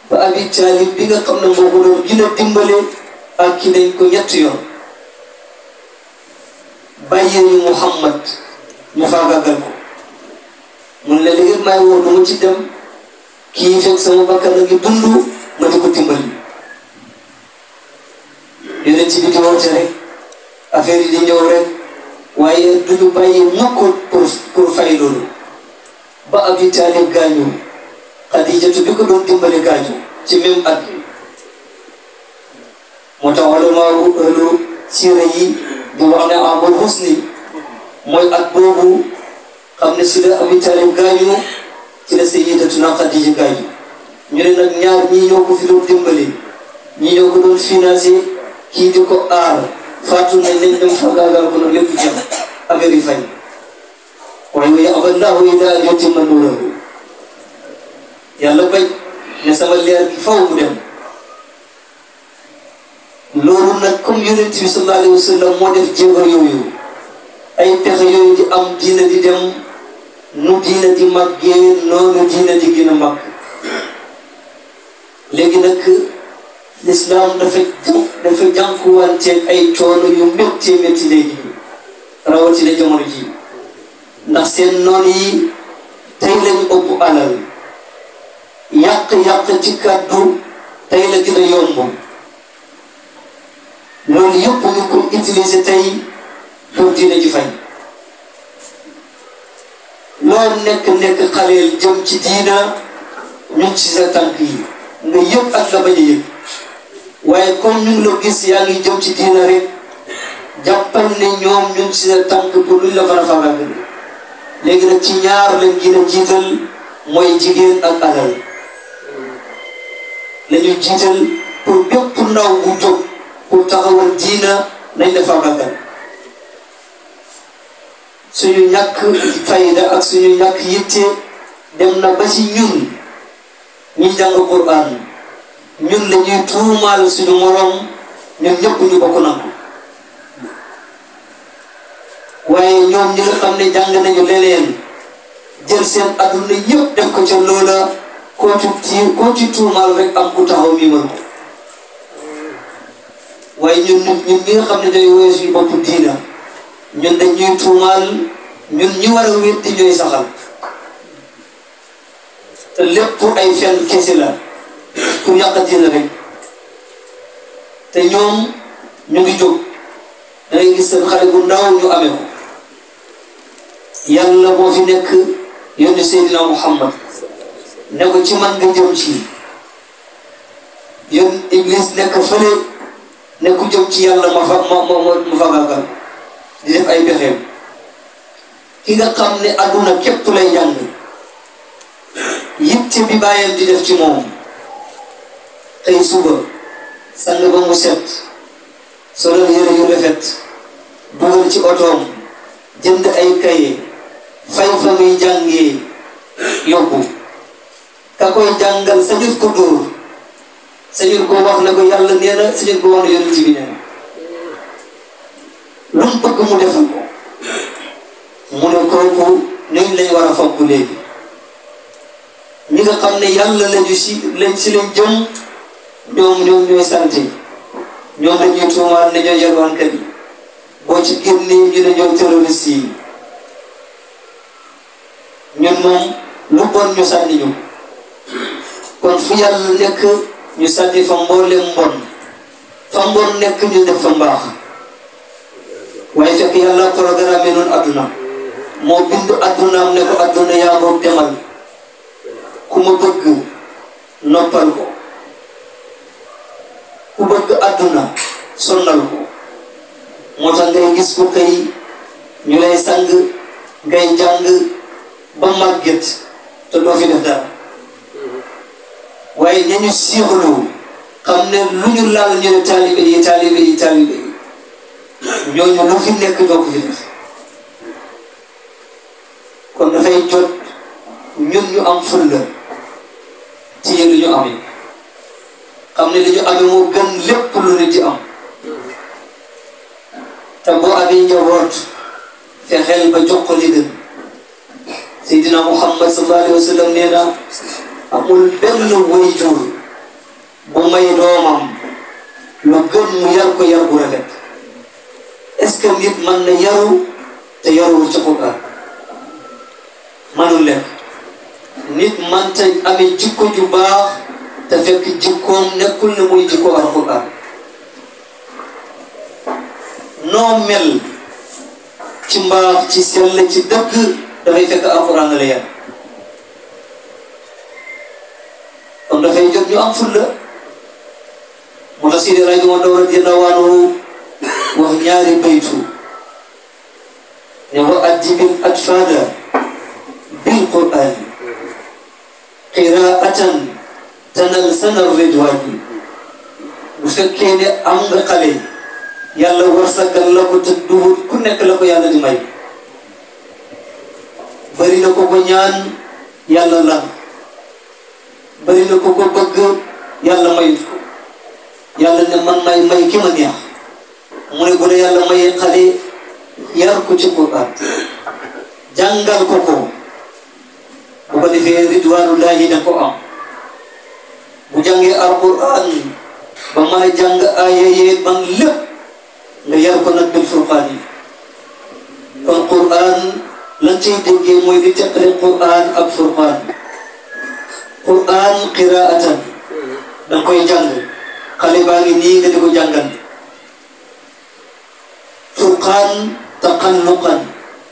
ba abi taalib bi nga xam ne moo ko doon gën a dimbale ak ki nañ ko ñetti yoon bàyyi ñu Muhammad ci dem kii fekk sama ko dimbali yeneen ci bi di woote rek affaire ba abi taalib gaañu xadijatu bi ko doon dimbale ci même at bi moo tax wala maaru ëllu siira yi di wax ne amul husni mooy at boobu xam ne si la Abi Taalib gaañu ci la sayyidatuna ñu ne nag ñaar ñii ñoo fi doon dimbale ñii ñoo ko doon financé kii di ko aar faatu nañ leen dem fagaagal ko nag lépp jëm affaire yi fañ waaye wa yaba Allahu idaa an yutimma yàlla bañ ne sama leer gi faw mu dem loolu nag comme bi sallallahu alayhi wa sallam moo def jéego yooyu ay pexe yooyu di am diina di dem nu diina di màggee noonu diina di gën a màgg léegi nag lislaam dafa dafa jànkuwanteeg ay coono yu métti métti léegi rawatina jamono ji ndax seen noon yi tey lañ ëpp alal yàq-yàq ci kàddu tey la gën a yomb loolu yëpp ñu ko utiliser tey pour dina ji fay loolu nekk-nekk xaleel jëm ci diina ñu ngi ci sa tànk yi nga yëpp ak la bañ a yëpp waaye comme ñu ngi gis yaa ngi jëm ci diina rek jàppal ne ñoom ñu ngi ci sa tànk pour luñ la fara fara léegi nag ci ñaar lañ gën a jiital mooy jigéen ak alal la ñuy jiital pour bépp ndaw bu jóg pour taxawal diina nañ dafa bakkan suñu ñàkk fayda ak suñu ñàkk yitte dem na ba ci ñun ñi jàng Qur'an ñun la tuumaal suñu moroom ñun ñëpp ñu bokk na waaye ñoom ñi nga xam ne jàng nañu leneen jël seen adduna yëpp def ko ca koo ci tuumaal rek am ku taxaw mi mën ko waaye ñun ñun ñun ñi nga xam ne day woowee suñu bopp diina ñun dañ ñuy tuumaal ñun ñi war a wéddi ñooy saxal te lépp ay fen kese la pour yàq diina rek te ñoom ñu ngi jóg da gis seen xale bu ndaw ñu amee ko yàlla moo fi nekk yónni Seydina Muhammad ne ko ci man nga jëm ci yow Iblis nekk fële ne jëm ci yàlla ma fa ma ma ma fagaagal di def ay pexeem ki nga xam ne adduna képp lay jàng yitte bi bàyyam di def ci moom ay suba sang ba mu set solal yére yu rafet dugal ci otoom jënd ay kaye fay fa muy jàngee yóbbu ka koy jàngal sañul ko dóor sañul ko wax na ko yàlla nee na sañul ko wax na yonent bi nee lu mu bëgg mu defal mu ne kooku nañ lañ war a fokk léegi ñi nga xam ne yàlla lañu si lañ si lañ jëm ñoom ñoom ñooy sant ñoom dañuy tuumaal ne ñooy yalwaankat yi boo ci génnee ñu ne ñooy terroriste yi ñun lu bon ñu sànni ñu kon fu yàlla nekk ñu sànni fa mboolem mbon fa mbon nekk ñu def fa mbaax waaye fekk yàlla programme noonu adduna moo bind addunaam ne ko adduna yaa moom demal ku ma bëgg noppal ko ku bëgg adduna sonnal ko moo tax ngay gis ko kay ñu lay sang ngay jàng ba màgget te doo fi def dara waaye nañu siixlu xam ne lu ñu laal ñu ne taalibe yi taalibe yi taalibe ñooñu lu fi nekk ñoo ko fi def kon dafay jot ñun ñu am fulla ci yéen lu ñu amee xam ne li ñu amee mu gën lépp lu nit di am te boo amee njaboot fexeel ba jox li gën Seydina Muhammad sallallahu alayhi amul benn wayjur bu may doomam lu gën mu yar ko yar bu rafet est-ce que nit mën na yaru te yaruwul ci Qur'an manul lekk nit mënta amee jikko ju te fekk jikkoom nekkul ne muy jikko Alqur'an noo mel ci mbaax ci sell ci dëgg dafay fekk Alqur'an la yar kon dafay jot ñu am fulla mu la Sidi rajo woon daw radiyallahu anhu wax ñaari baytu ne wa addibil atfaada bil qur'an qiraatan tanal sana ridwan bu fekkee ne am nga xale yàlla warsagal la ko te duhul ku nekk la ko yàlla di may bari na ko ko ñaan yàlla la bëri na ko ko bëgg yàlla may may ma neex mu ne bu yàlla mayee xale yar ko ci Qur'an jàngal ko ko bu ko defee ridwaanullaahi ne ko am bu jàngee alquran ba maa jàng aaya yee man lépp nga yar ko nag bil furqaan yi kon Qur'an lan ciy déggee mooy di teqale Qur'an ak furqaan qur'aan qiraatan danga koy jàng xale baa ngi nii nga di ko jàngal furqaan taqannuqan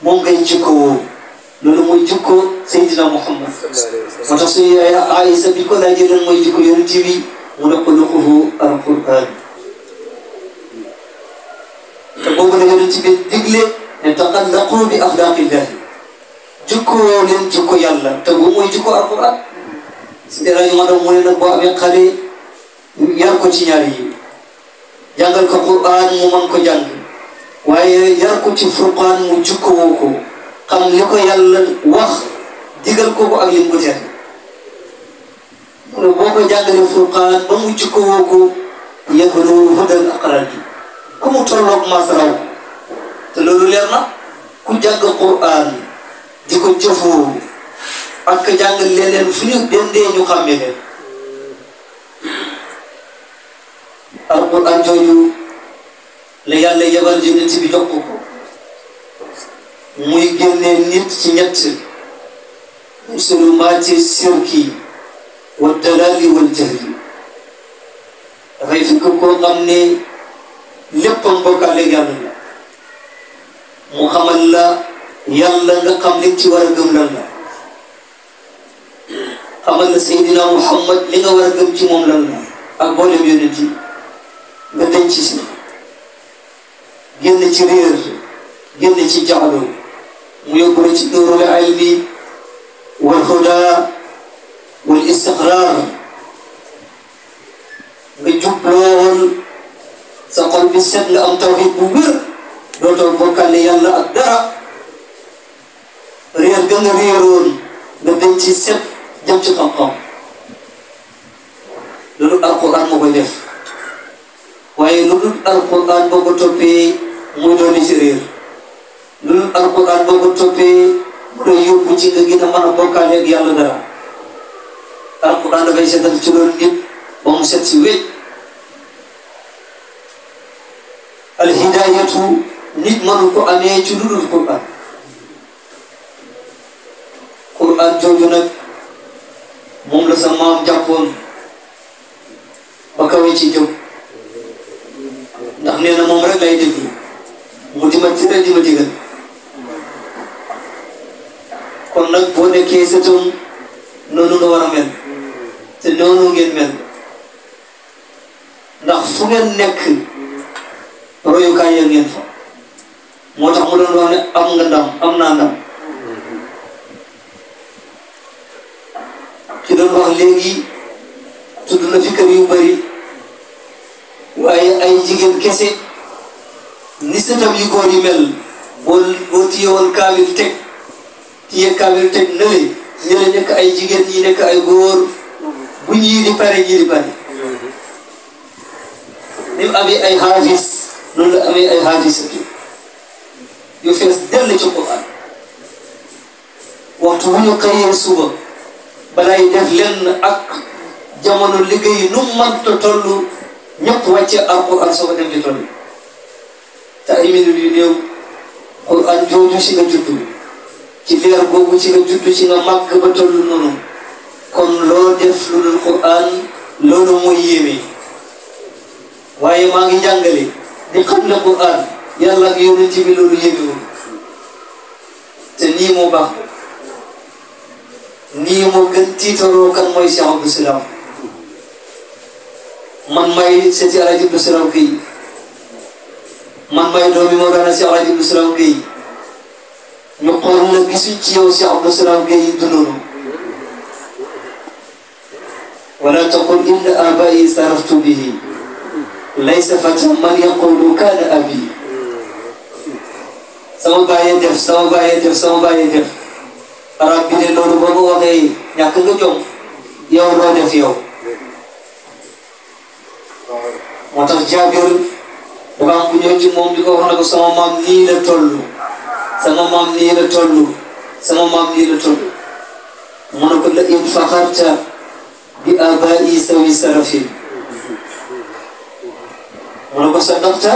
moom ngay jikkoo loolu mooy jikko Seydina Muhammad moo tax suñu yaay Aïsa bi ko laajee lan mooy jikko yonent bi mu ne xuluquhu alqur'aan te boobu la yonent bi digle ne taqallaqu bi axlaaqillaahi jikkoo leen jikko yàlla te bu mooy jikko alqur'aan si dara ñu ma mu ne boo amee xale yar ko ci ñaar yi jàngal ko Qur'an mu man ko jàng waaye yar ko ci Furqaan mu jukkowoo ko xam li ko yàlla wax digal ko ko ak lim ko tere mu ne ko jàngalee Furqaan ba mu jukkowoo ko yahlu hudal aqran bi ku mu tolloog masaraw te loolu leer na ku jàng Qur'an di ko jëfoo parce que jàngal leneen suñu dendee ñu xam ne leen alquran la yàlla yebal yonent bi jox ko muy génnee nit ci ñett sulumaati sirki wa dalali wal jahli dafay fekk koo xam ne léppam bokkaale yàlla la mu xamal la yàlla nga xam li ci war a gëm lan la أبن سيدنا محمد لنا ورقم جي مملنا أقبال يونيتي بدن جسنا جنة جرير جنة جعلو ويقول نور العلم والهدى والاستقرار ويجب لون سقل بسد لأم توحيد ببير دوتو بوكا ليان لأدرا ريال جنة ريرون بدن جسد jëm ci xam lu dul alquran moo koy def waaye lu dul alquran boo ko toppee muy dooni ci lu dul alquran boo ko toppee mu lay yóbbu ci nga gën a mën a bokkaale ak yàlla dara alquran dafay seetal ci loolu nit ba mu set si wécc alhidayatu nit mënu ko amee ci lu dul quran quran jooju nag moom la sa maam jàppoon ba kawee ci njëm ndax nee na moom rek lay déglu mu dima tere dima digal kon nag boo nekkee sëtum noonu nga war mel te noonu ngeen mel ndax fu ngeen nekk royukaay ya ngeen fa moo tax mu doon wax am nga ndam am naa ndam léegi tudd na fi kër yu bari waaye ay jigéen kese ni sëtam yu góor yi mel boo boo téyewoon kaamil teg téye kaamil teg na le ñu nekk ay jigéen yi nekk ay góor bu ñii di pare ñii di pare ni mu amee ay xaafis noonu amee ay xaafis yu fees dell ci Quran waxtu bu ñu xëyee suba balay def lenn ak jamono liggéey nu mënta toll ñëpp wàcce alquran soo ko dem di toll te ay minute yu néew quran jooju ci nga juddu ci nga juddu ba toll noonu kon loo def lu dul quran loolu mooy yéeme waaye maa ngi jàngale di xam ne quran yàlla ak yonent bi loolu yéemewul te nii moo baax nii moo gën tiitaroo kan mooy Cheikh Abdou Salam man may sëti El Hadj Abdou Salam Guèye man may doomi Mawlana Cheikh El Hadj Abdou Salam Guèye ñu xool na gisuñ ci yow Cheikh Abdou Salam Guèye dundoonu wala taqul inna abai saraftu bihi laysa fata man yaqulu kaana abi sama baay def sama baay def sama baay def arab bi ne loolu boo ko waxee ñàkk nga jom yow loo def yow moo tax Jaabir dafa am ku ñëw moom di ko wax ne ko sama maam nii la toll sama maam nii la toll sama maam nii la toll mu ne ko la in faxarta bi abai sawi sarafin mu ne ko sadaqta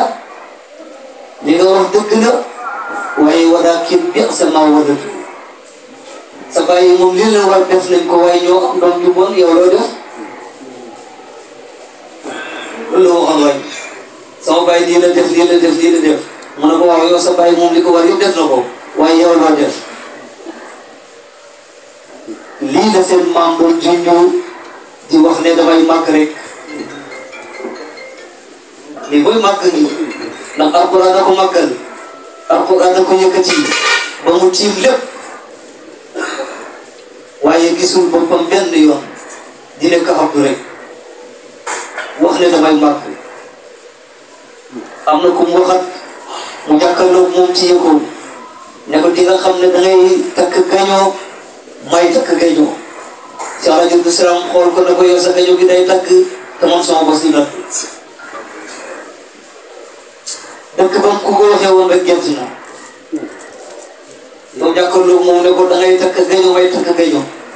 li nga wax dëgg la waaye walaakin bi'sa maa wadatu sa bàyyi moom li la war def nañ ko waaye ñoo am doom ju bon yow loo def loolu la waay sama bàyyi lii la def lii la def lii ko waaw yow li ko war maam doon junjoo di wax ne damay màgg rek li booy màgg nii ndax alquran da ko màggal alquran da ko yëkkati ba mu tiim lépp gisul boppam benn yoon di nekk Abdou rek wax ne damay màgg am na ku mu waxat mu jàkkaarloog moom ci yëgoon ne ko di xam ne dangay takk gañoo may takk gañoo si rajo gi day takk te man sama bos di lakk dëkk ba ku ko waxee woon rek gerte na. yow jàkkaarloog moom ne ko dangay takk gañoo may takk gañoo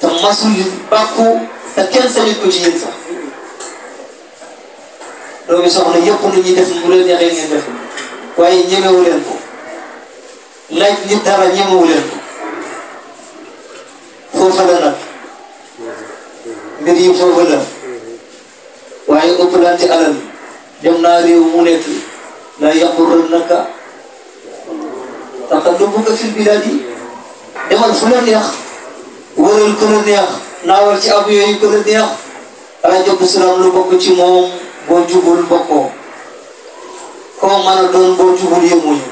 te masu yu bàkku te kenn sañut ko ci yéen sax doomi soxna yëpp lu ñuy def bu leen neexee ngeen def waaye ñemewu leen ko laaj nit dara ñemewu leen ko foofa la nag mbir waaye ëppalante alal dem naa réew mu nekk la yaqurrannaka taqallubuka fil biladi demal fu la neex wóoral ku la neex naawal ci ab yooyu ku la neex rajo bu lu bokk ci moom boo jubul bokkoo koo mën a doon boo jubul yëmuñu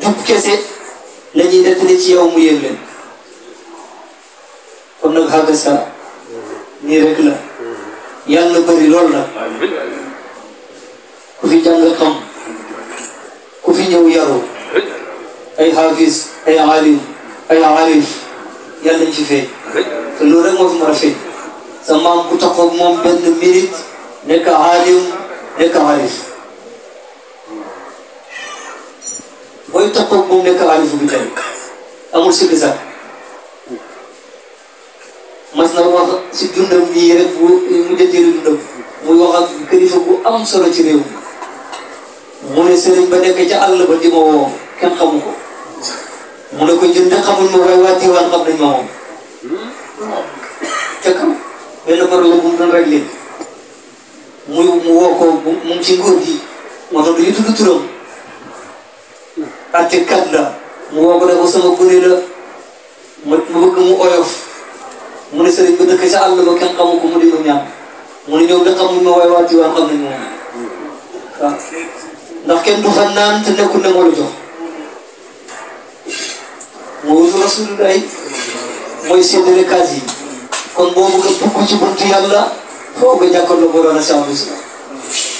jub kese la ñuy nettali ci yow mu yëm leen kon nag xàgg sa nii rek la yàlla bëri lool nag ku fi jàng xam ku fi ñëw yaru ay xaafis ay alim ay alif yàlla nañ ci feeñ te loolu rek fi mën a feeñ sa maam ku taxaw moom benn mérite nekk aalim nekk aalif booy taxaw moom nekk aalif bi tey amul si dundam nii rek bu mu jëteeri dundam muy wax ak kilifa bu am solo ci réew mi mu ne sëriñ ba nekk ca àll ba di ma kenn xamu ko mu ne ko ñun de xamuñ ma waaye waa diwaan xam nañ ma moom waaw ca kaw benn mu doon réglé mu woo ko moom ci nguur gi moo tax dañuy tudd turam àttekat la mu woo ko ne ko sama gune la bëgg mu oyof mu ne sëriñ bi dëkk ca àll ba kenn xamu mu di ma ñaan mu ne ñoom de xamuñ ma waaye waa diwaan xam ne moo la wóosu rasulullahi mooy séddale kaas yi kon boo bëgg a ci buntu yàlla foo nga jàkkaarloo boo doon Cheikhul Islam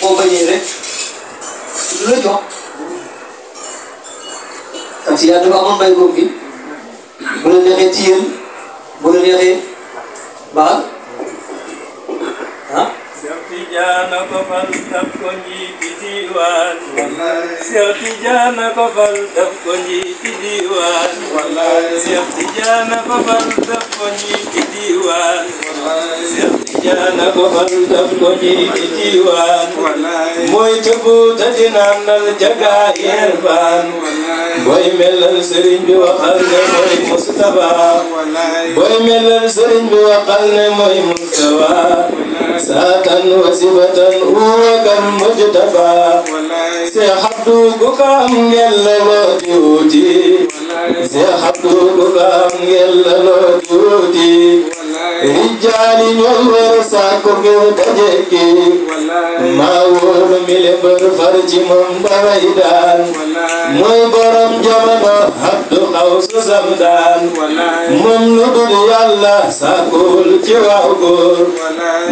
boo bañee rek lu la jox xam si yàlla dafa amoon mbay boobu bu la neexee tiyeel bu la neexee baal ah Tijaana ko ko njiiti diwaan Seex Tijaana ko fal daf ko njiiti jagaa yeer mooy Mustafa وصفة هو كم مجتبى سيحدوك كم يلا جودي سيحدوك كم يلا جودي رجال يوم رساكم يدجكي ما هو góor mi le bër far ci moom daway daan mooy borom jamono Abdu Xaws sam daan moom lu dul yàlla sàkkul ci waaw góor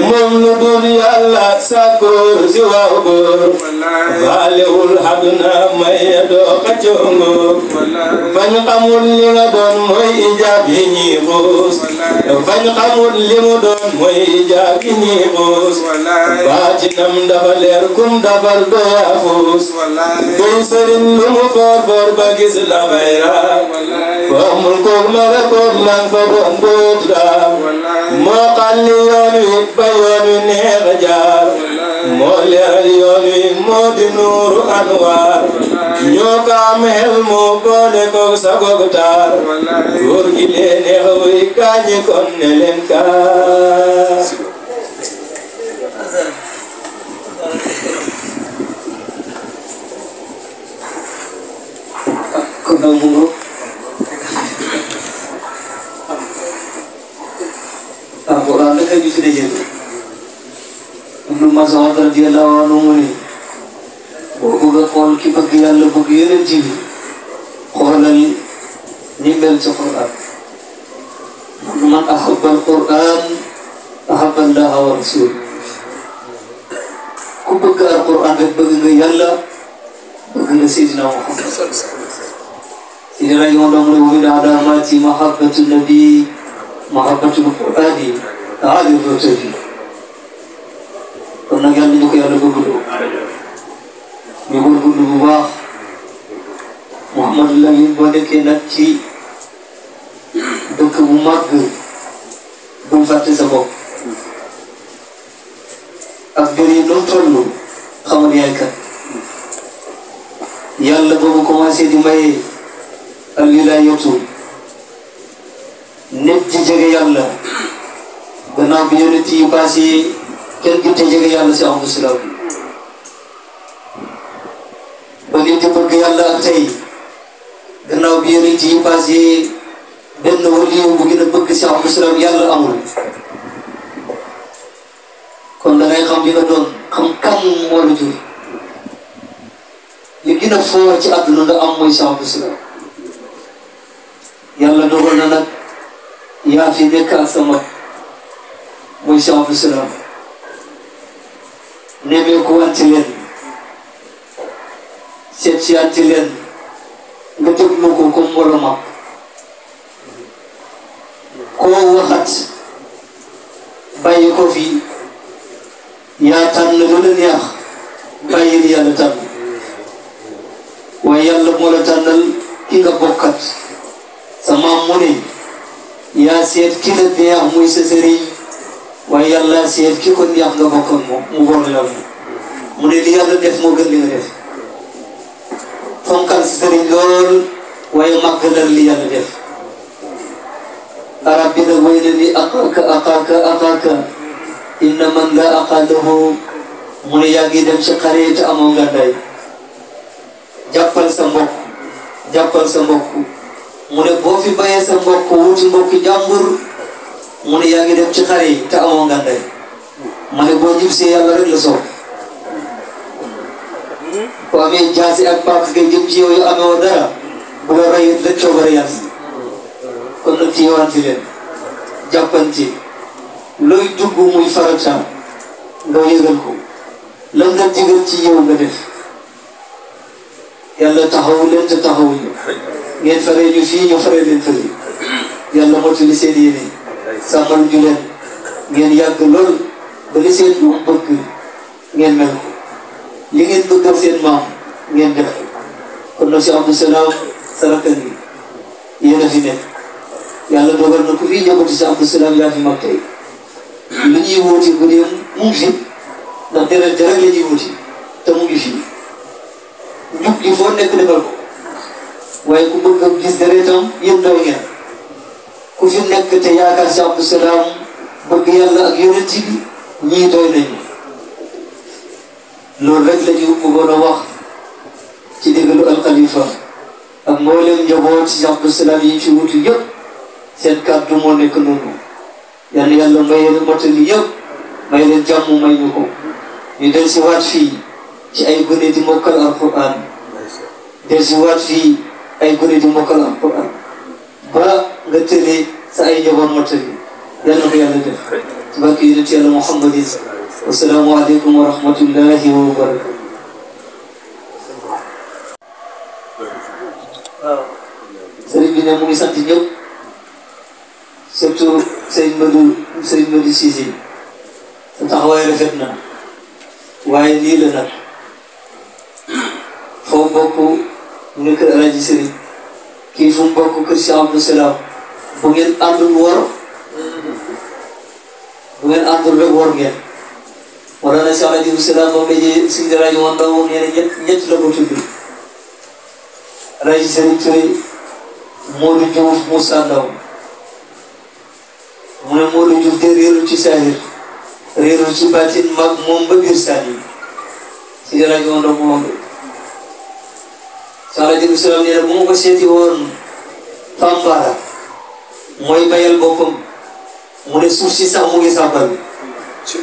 moom lu dul yàlla sàkkul ci waaw góor faalewul àdduna may doo xëccoo ngóor fañ xamul li nga doon mooy ijaab yi ñii xuus fañ xamul li mu doon mooy ijaab yi ñii xuus baatinam dafa leer kum dabar bee afuus dey sëriñ lu mu foor foor ba gis la may raam fa umul kook ma rekook man fa bon boot raam moo xalli yoon wi ba yoon wi neex a jaar moo leeral yoon wi moo di nuuru anwaar ñoo ka am xel mu boole kook sa goog taar góor gi leen neex wi gaañi kon ne leen kaar ndaw mu ngoog alquran dafay ñu si dajeel Ibnu Mas'ud radiyallahu anhu mu ne boo bëgg a ki bëgg yàlla bëgg yeneen ci bi xoolal ñi mel ci quran man ahabba alquran ahabba allaha wa rasul ku bëgg alquran rek bëgg nga yàlla bëgg nga Seydina Muhammad إذا يوم نولد على مات محبة النبي محبة القرآن هذه الرتبة kon nag yàlla nañu ko yàlla bëgg ñu góorgóorlu bu baax Mouhamadou Lamine boo nekkee nag ci bu màgg bu fàtte sa bopp ak gër yi noonu toll xamal yaay kat yàlla boobu commencé maye alwilaayatu nit di jege yàlla gannaaw bi yi paase kenn gën te jege yàlla si ahmadu salaam ba nit di bëgg yàlla ak tey gannaaw bi yi paase benn waliyu bu gën a bëgg si ahmadu salaam yàlla amul kon da ngay xam li doon xam kan moo la gën a foor ci àdduna nga am si ahmadu yàlla dogal na nag yaa fi nekkal sama muy Cheikh Abdou Salam nemmeekuwaat ci leen seet si waat ci leen nga déglu ko comme mbooloo ma koo ko fi yaa tànn lu la neex bàyyi li yàlla tànn waaye yàlla moo la tànnal ki nga bokkat sama mu yaa seet ki la neex muy sa sëriñ waaye yàlla seet ki ko neex nga bokk ak mu boole la mu ne li yàlla def moo gën li nga def fonkal sa sëriñ lool waaye màggalal li yàlla def arab bi nag way na ni aqaaka aqaaka aqaaka inna man la aqaalahu mu ne yaa ngi dem ci xare te amoo ngàndaay jàppal sa mbokk jàppal sa mbokk mu ne boo fi bayee sa mbokk wuti mbokki jàmbur mu ne yaa ngi dem ci xare yi te amoo ngànday ma ne boo jibsee yàlla rek la soob boo amee jaasi ak paak nga jëm ci yow yu ameewoo dara bu la rek coobare yàlla nga yëgal ci yow nga def yàlla taxawu leen te taxawuñu ngeen faree ñu fii ñu faree leen fële yàlla mottali seen yéene sàmmal ñu leen ngeen yàgg lool ba li seen moom bëgg ngeen mel ko li ngeen bëggal seen maam ngeen def kon nag si Abdou Salaam sarakan bi yéen a fi nekk yàlla dogal na ku fi njabootu si yaa fi mag tey lu ñuy wóoti bu dee mu fi ndax deret deret la ñuy wóoti te mu ngi fi njub gi foo nekk defal ko waaye ku bëgg gis deretam yéen ndaw ngeen ku fi nekk te yaakaar si Abdou Salaam bëgg yàlla ak yonent bi ñii doy nañu loolu rek la ñu bëggoon a wax ci déglu al xalifa ak mboolem njaboot si Abdou Salaam yi fi wutu yëpp seen kàddu moo nekk noonu yal na yàlla may leen mottali yëpp may leen jàmm may ñu ko ñu del waat fii ci ay gone di mokkal alquran del si waat fii أيقوني دم كلام قرآن با غتلي سأي جبر مرتبي يا نبي الله ده تبارك يرتي على محمد والسلام عليكم ورحمة الله وبركاته سيد بن أبو ميسان تنيو سبتو سيد مدو سيد مدو سيزي تتحوي رفتنا وعيدي لنا فوقكو mu ne kër Alaaji Sëriñ kii fu mu bokk kër Cheikh Abdou bu ngeen àndul wor bu ngeen àndul rek wor ngeen wala na Cheikh Abdou Salaam moom daje suñu rajo woon na woon ñeneen ñett ñett la ko tudd Alaaji Sëriñ Touré Modou Diouf Moussa Ndaw mu ne Modou Diouf de mag moom ba biir saan yi suñu rajo woon na moom Saladin Islam nee na bu ma ko seeti woon Pambara mooy bayal boppam mu ne suuf si sax mu ngi sàmbal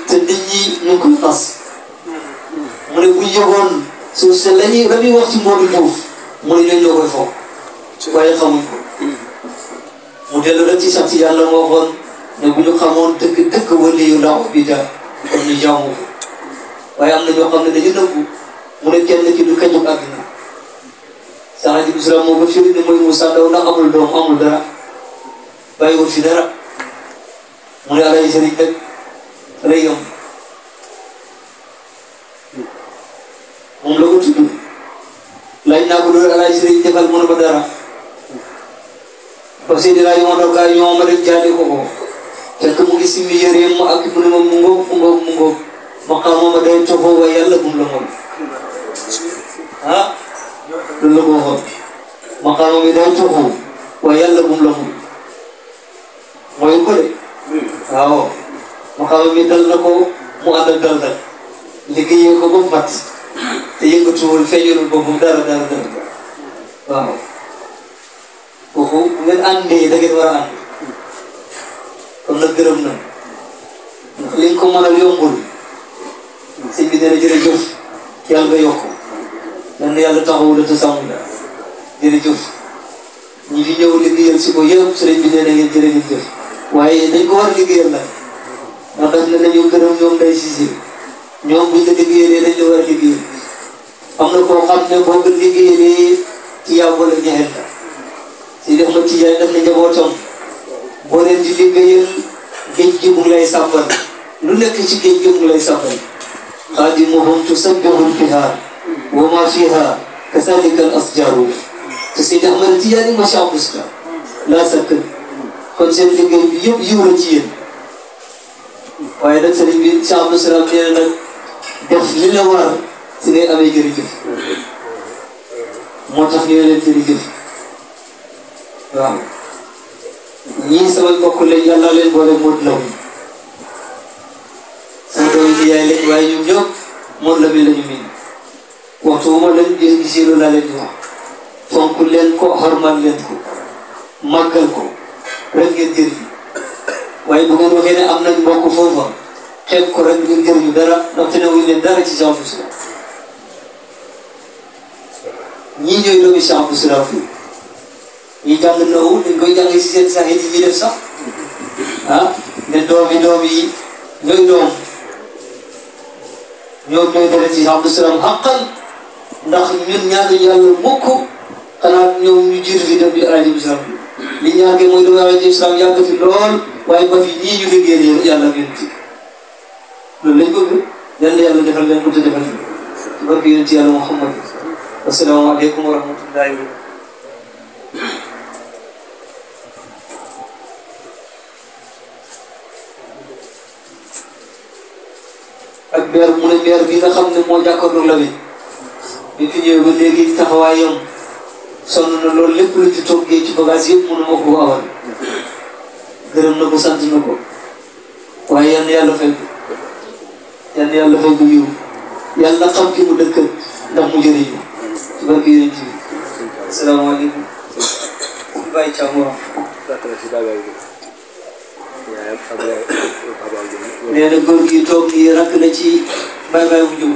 te nit ñi ñu ngi koy tas mu ne bu ñu yëgoon suuf si la ñuy wax ci Modou mu ne ñooñu ñoo koy foog waaye xamuñ mu dellu rek ci sant yàlla moo waxoon ne bu ñu xamoon dëkk dëkk wële yu ndaw bi jaamu waaye am na ñoo xam ne dañu nëbbu mu ne kenn ki du kañu àddina Alaaji Bisra moo ko firi ne mooy Moussa Ndaw ndax amul doom amul dara bàyyiwul fi dara mu ne Alaaji Sëriñ nag rëyam moom la ko tudd laaj naa ko doon Alaaji Sëriñ defal mënu ko dara parce que dinaa yoon ak ay ñoom rek jaade ko ko fekk mu ngi simmi yëreem mu ak mu ne ma mu ngoog mu ngoog mu ngoog ma day tofoo wa yàlla bum la moom للقوهم مقام مدوتهم ويلهم لهم ويقول waaw maqaama mi dal na ko mu ànd ak dal nag ko ba mu mat te yëngatuwul feeñalul boppam dara dara dara waaw kooku bu ngeen àndee da ngeen war a ànd kon nag gërëm na ndax li nga ko mën a yombul sëñ bi nee yàlla nga yokk yal na yàlla taxawu la te sàmm la jërëjëf ñi fi ñëw liggéeyal si ko yëpp sëriñ bi nee na ngeen waaye dañ ko war a liggéeyal nag ñoom la liggéeyalee dañ la war a liggéeyal am na koo xam ne boo ko liggéeyalee ci yàggoo la ñexel la si def ma ci jaay def na njabootam boo leen di liggéeyal géej gi mu lay sàmbal lu nekk ci géej gi mu ngi lay sàmbal xaadimuhum tusabbihu l-bihaar wa ma fiha kazalika al asjaru te Seydi Ahmad Tijaani macha allah laa sakk kon seen liggéey bi yëpp yiw la ci waaye nag sëriñ bi incha allah salaam nee na nag def li la war si ngay amee moo tax nee leen jërëjëf waaw ñii sama mbokk lañ yàlla leen boole Modou Lo sama doom bi yaay lañ waaye ñoom ñëpp Modou Lo bi la ñu miin waxtu wu ma leen gis gisiru laa leen di wax fonk leen ko xormal leen ko màggal ko rek ngeen jëriñu waaye bu ngeen waxee ne am nañ mbokk foofa xeeb ko rek ngeen jëriñu dara ndaxte leen dara ci Cheikh Abdou Salaam ñii ñooy doomi Cheikh si seen sax yi ñuy def sax ah ne yi ñooy ci Cheikh Abdou Salaam xaqal ndax ñun ñaanu yàlla mukk xanaa ñoom ñu jiitu fi dem di aajib islam bi li ñaage mooy dama aajib islam yàgg fi lool waaye ba fi ñii ñu fi génne yàlla ngeen ci loolu lañ bëgg yàlla yàlla defal leen ko te defal ci barke yonent yàlla Muhammad asalaamaaleykum wa rahmatullahi ak beer mu ne beer bi nga xam ne moo jàkkaarloo la bi bi fi ñëwee ba léegi taxawaayam sonn na loolu lépp lu ci toggee ci bagage yëpp mënu ma ko awal gërëm na ko sant na ko waaye yan yàlla fay ko yan yàlla fay ko yiw yàlla xam ki mu dëkk ndax mu jëriñ ci ci asalaamaaleykum ñu bàyyi càmm waaw [COUGHS] nee na toog nii rakk na ci bay bay mu jub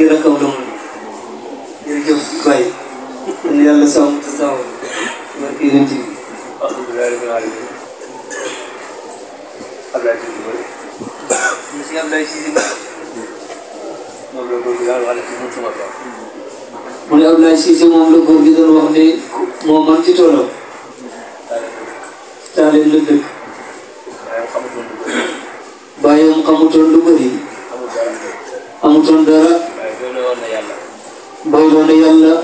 gën a kaw la mu jërëjëf Baye yàlla yàlla sàmm te sàmm barke yéen ci mu ne Abdoulaye Cissé moom la góor gi doon wax ne moo man ci toolam Allah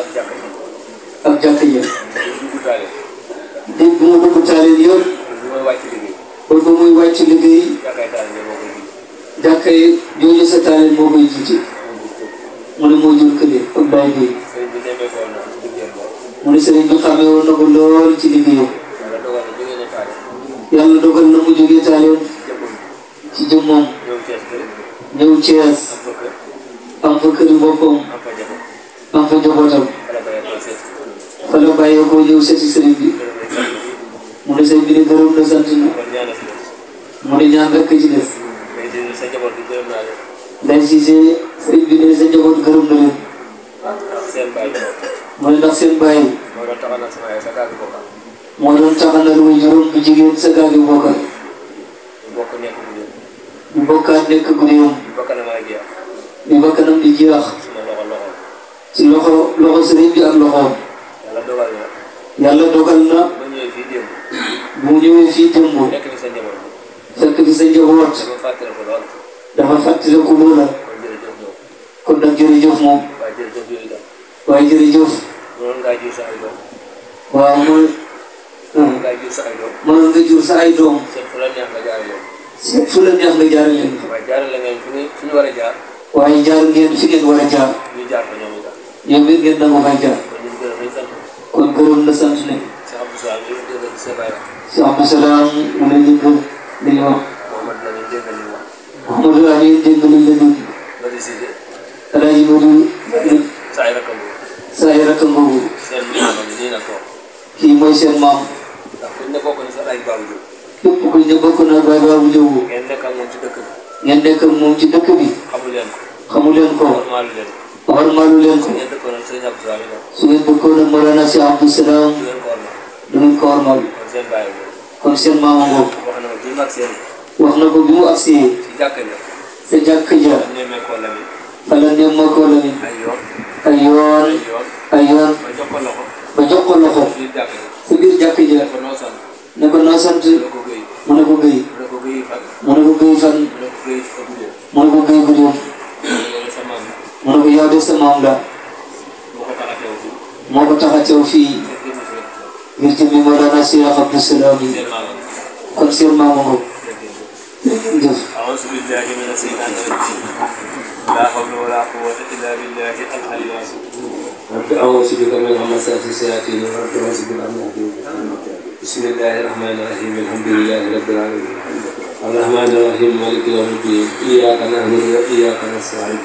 ay doom. seet fu la neex nga jaar leen. seet fu la neex nga jaar leen. waaye jaarale ngeen fi ngeen fi ñu war a jaar. waaye jaar ngeen fi ngeen war a jaar. ñu jaar fa ñoom itam. ñoom it ngeen nangu fay jaar. kon gërëm la sant leen. Cheikh Abdou Salaam li mu dégg ci baay. Cheikh Abdou Salaam mu ne ñu gëm li ñu wax. Mouhamadou Lamine dégg li ñu wax. Mouhamadou Lamine dégg li ñu leen El Hadj Modou. Saa yi rakkam boobu. Saa yi rakkam boobu. seen kii mooy seen maam. ndax buñ ne bokk na sa El Hadj Babou Diop. képp ku ñu bokk na baba bu ñëw ngeen nekk ak moom ci dëkk bi ngeen nekk ak moom ci dëkk bi xamu leen ko xamu leen ko leen ko warmaalu leen ko su ngeen dëkkoon ak Mawlana si Abdou Salaam du ngeen ko warmaal kon seen maama wax na ko bi mu agsee sa jàkk ja fa la ne ma ko lamin ay yoon ba jox loxo ne ko mana sant mu ne ko Guèye mana ne ko Guèye fan mu mana ko Guèye bu Diop mu mana ko yow de sa maam mana moo ko tax a teew mana ngir jëmmi moo daan Cheikh mana Salaam yi kon seen maam mana jëf أعوذ بالله من الشيطان mana لا حول ولا قوة إلا mana العلي العظيم رب أعوذ بك mana همسات الشياطين ورب أعوذ بالأمن بسم الله الرحمن الرحيم الحمد لله رب العالمين الرحمن الرحيم مالك يوم الدين إياك نعبد وإياك نستعين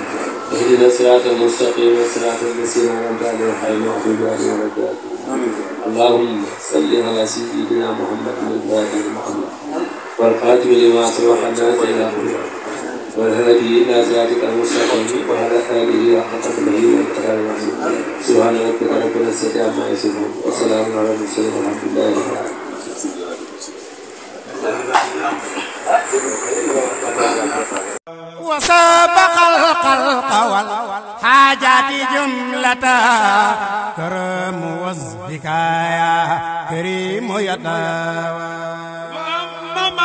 اهدنا الصراط المستقيم صراط المسير أنعمت عليهم غير المغضوب عليهم ولا اللهم صل على سيدنا محمد الفاتح محمد والخاتم لما سبق الناس إلى والهادي إلى صراطك المستقيم وعلى آله حق قدره ومقداره العظيم سبحان ربك رب العزة عما يصفون وسلام على المرسلين والحمد لله رب العالمين وسابق الخلق والحاجات جملة كرم وصفك يا كريم يتاوى وأمم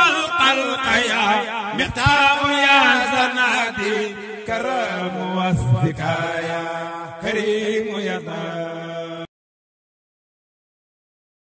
الخلق يا مختار يا زنادي كرم وصفك يا كريم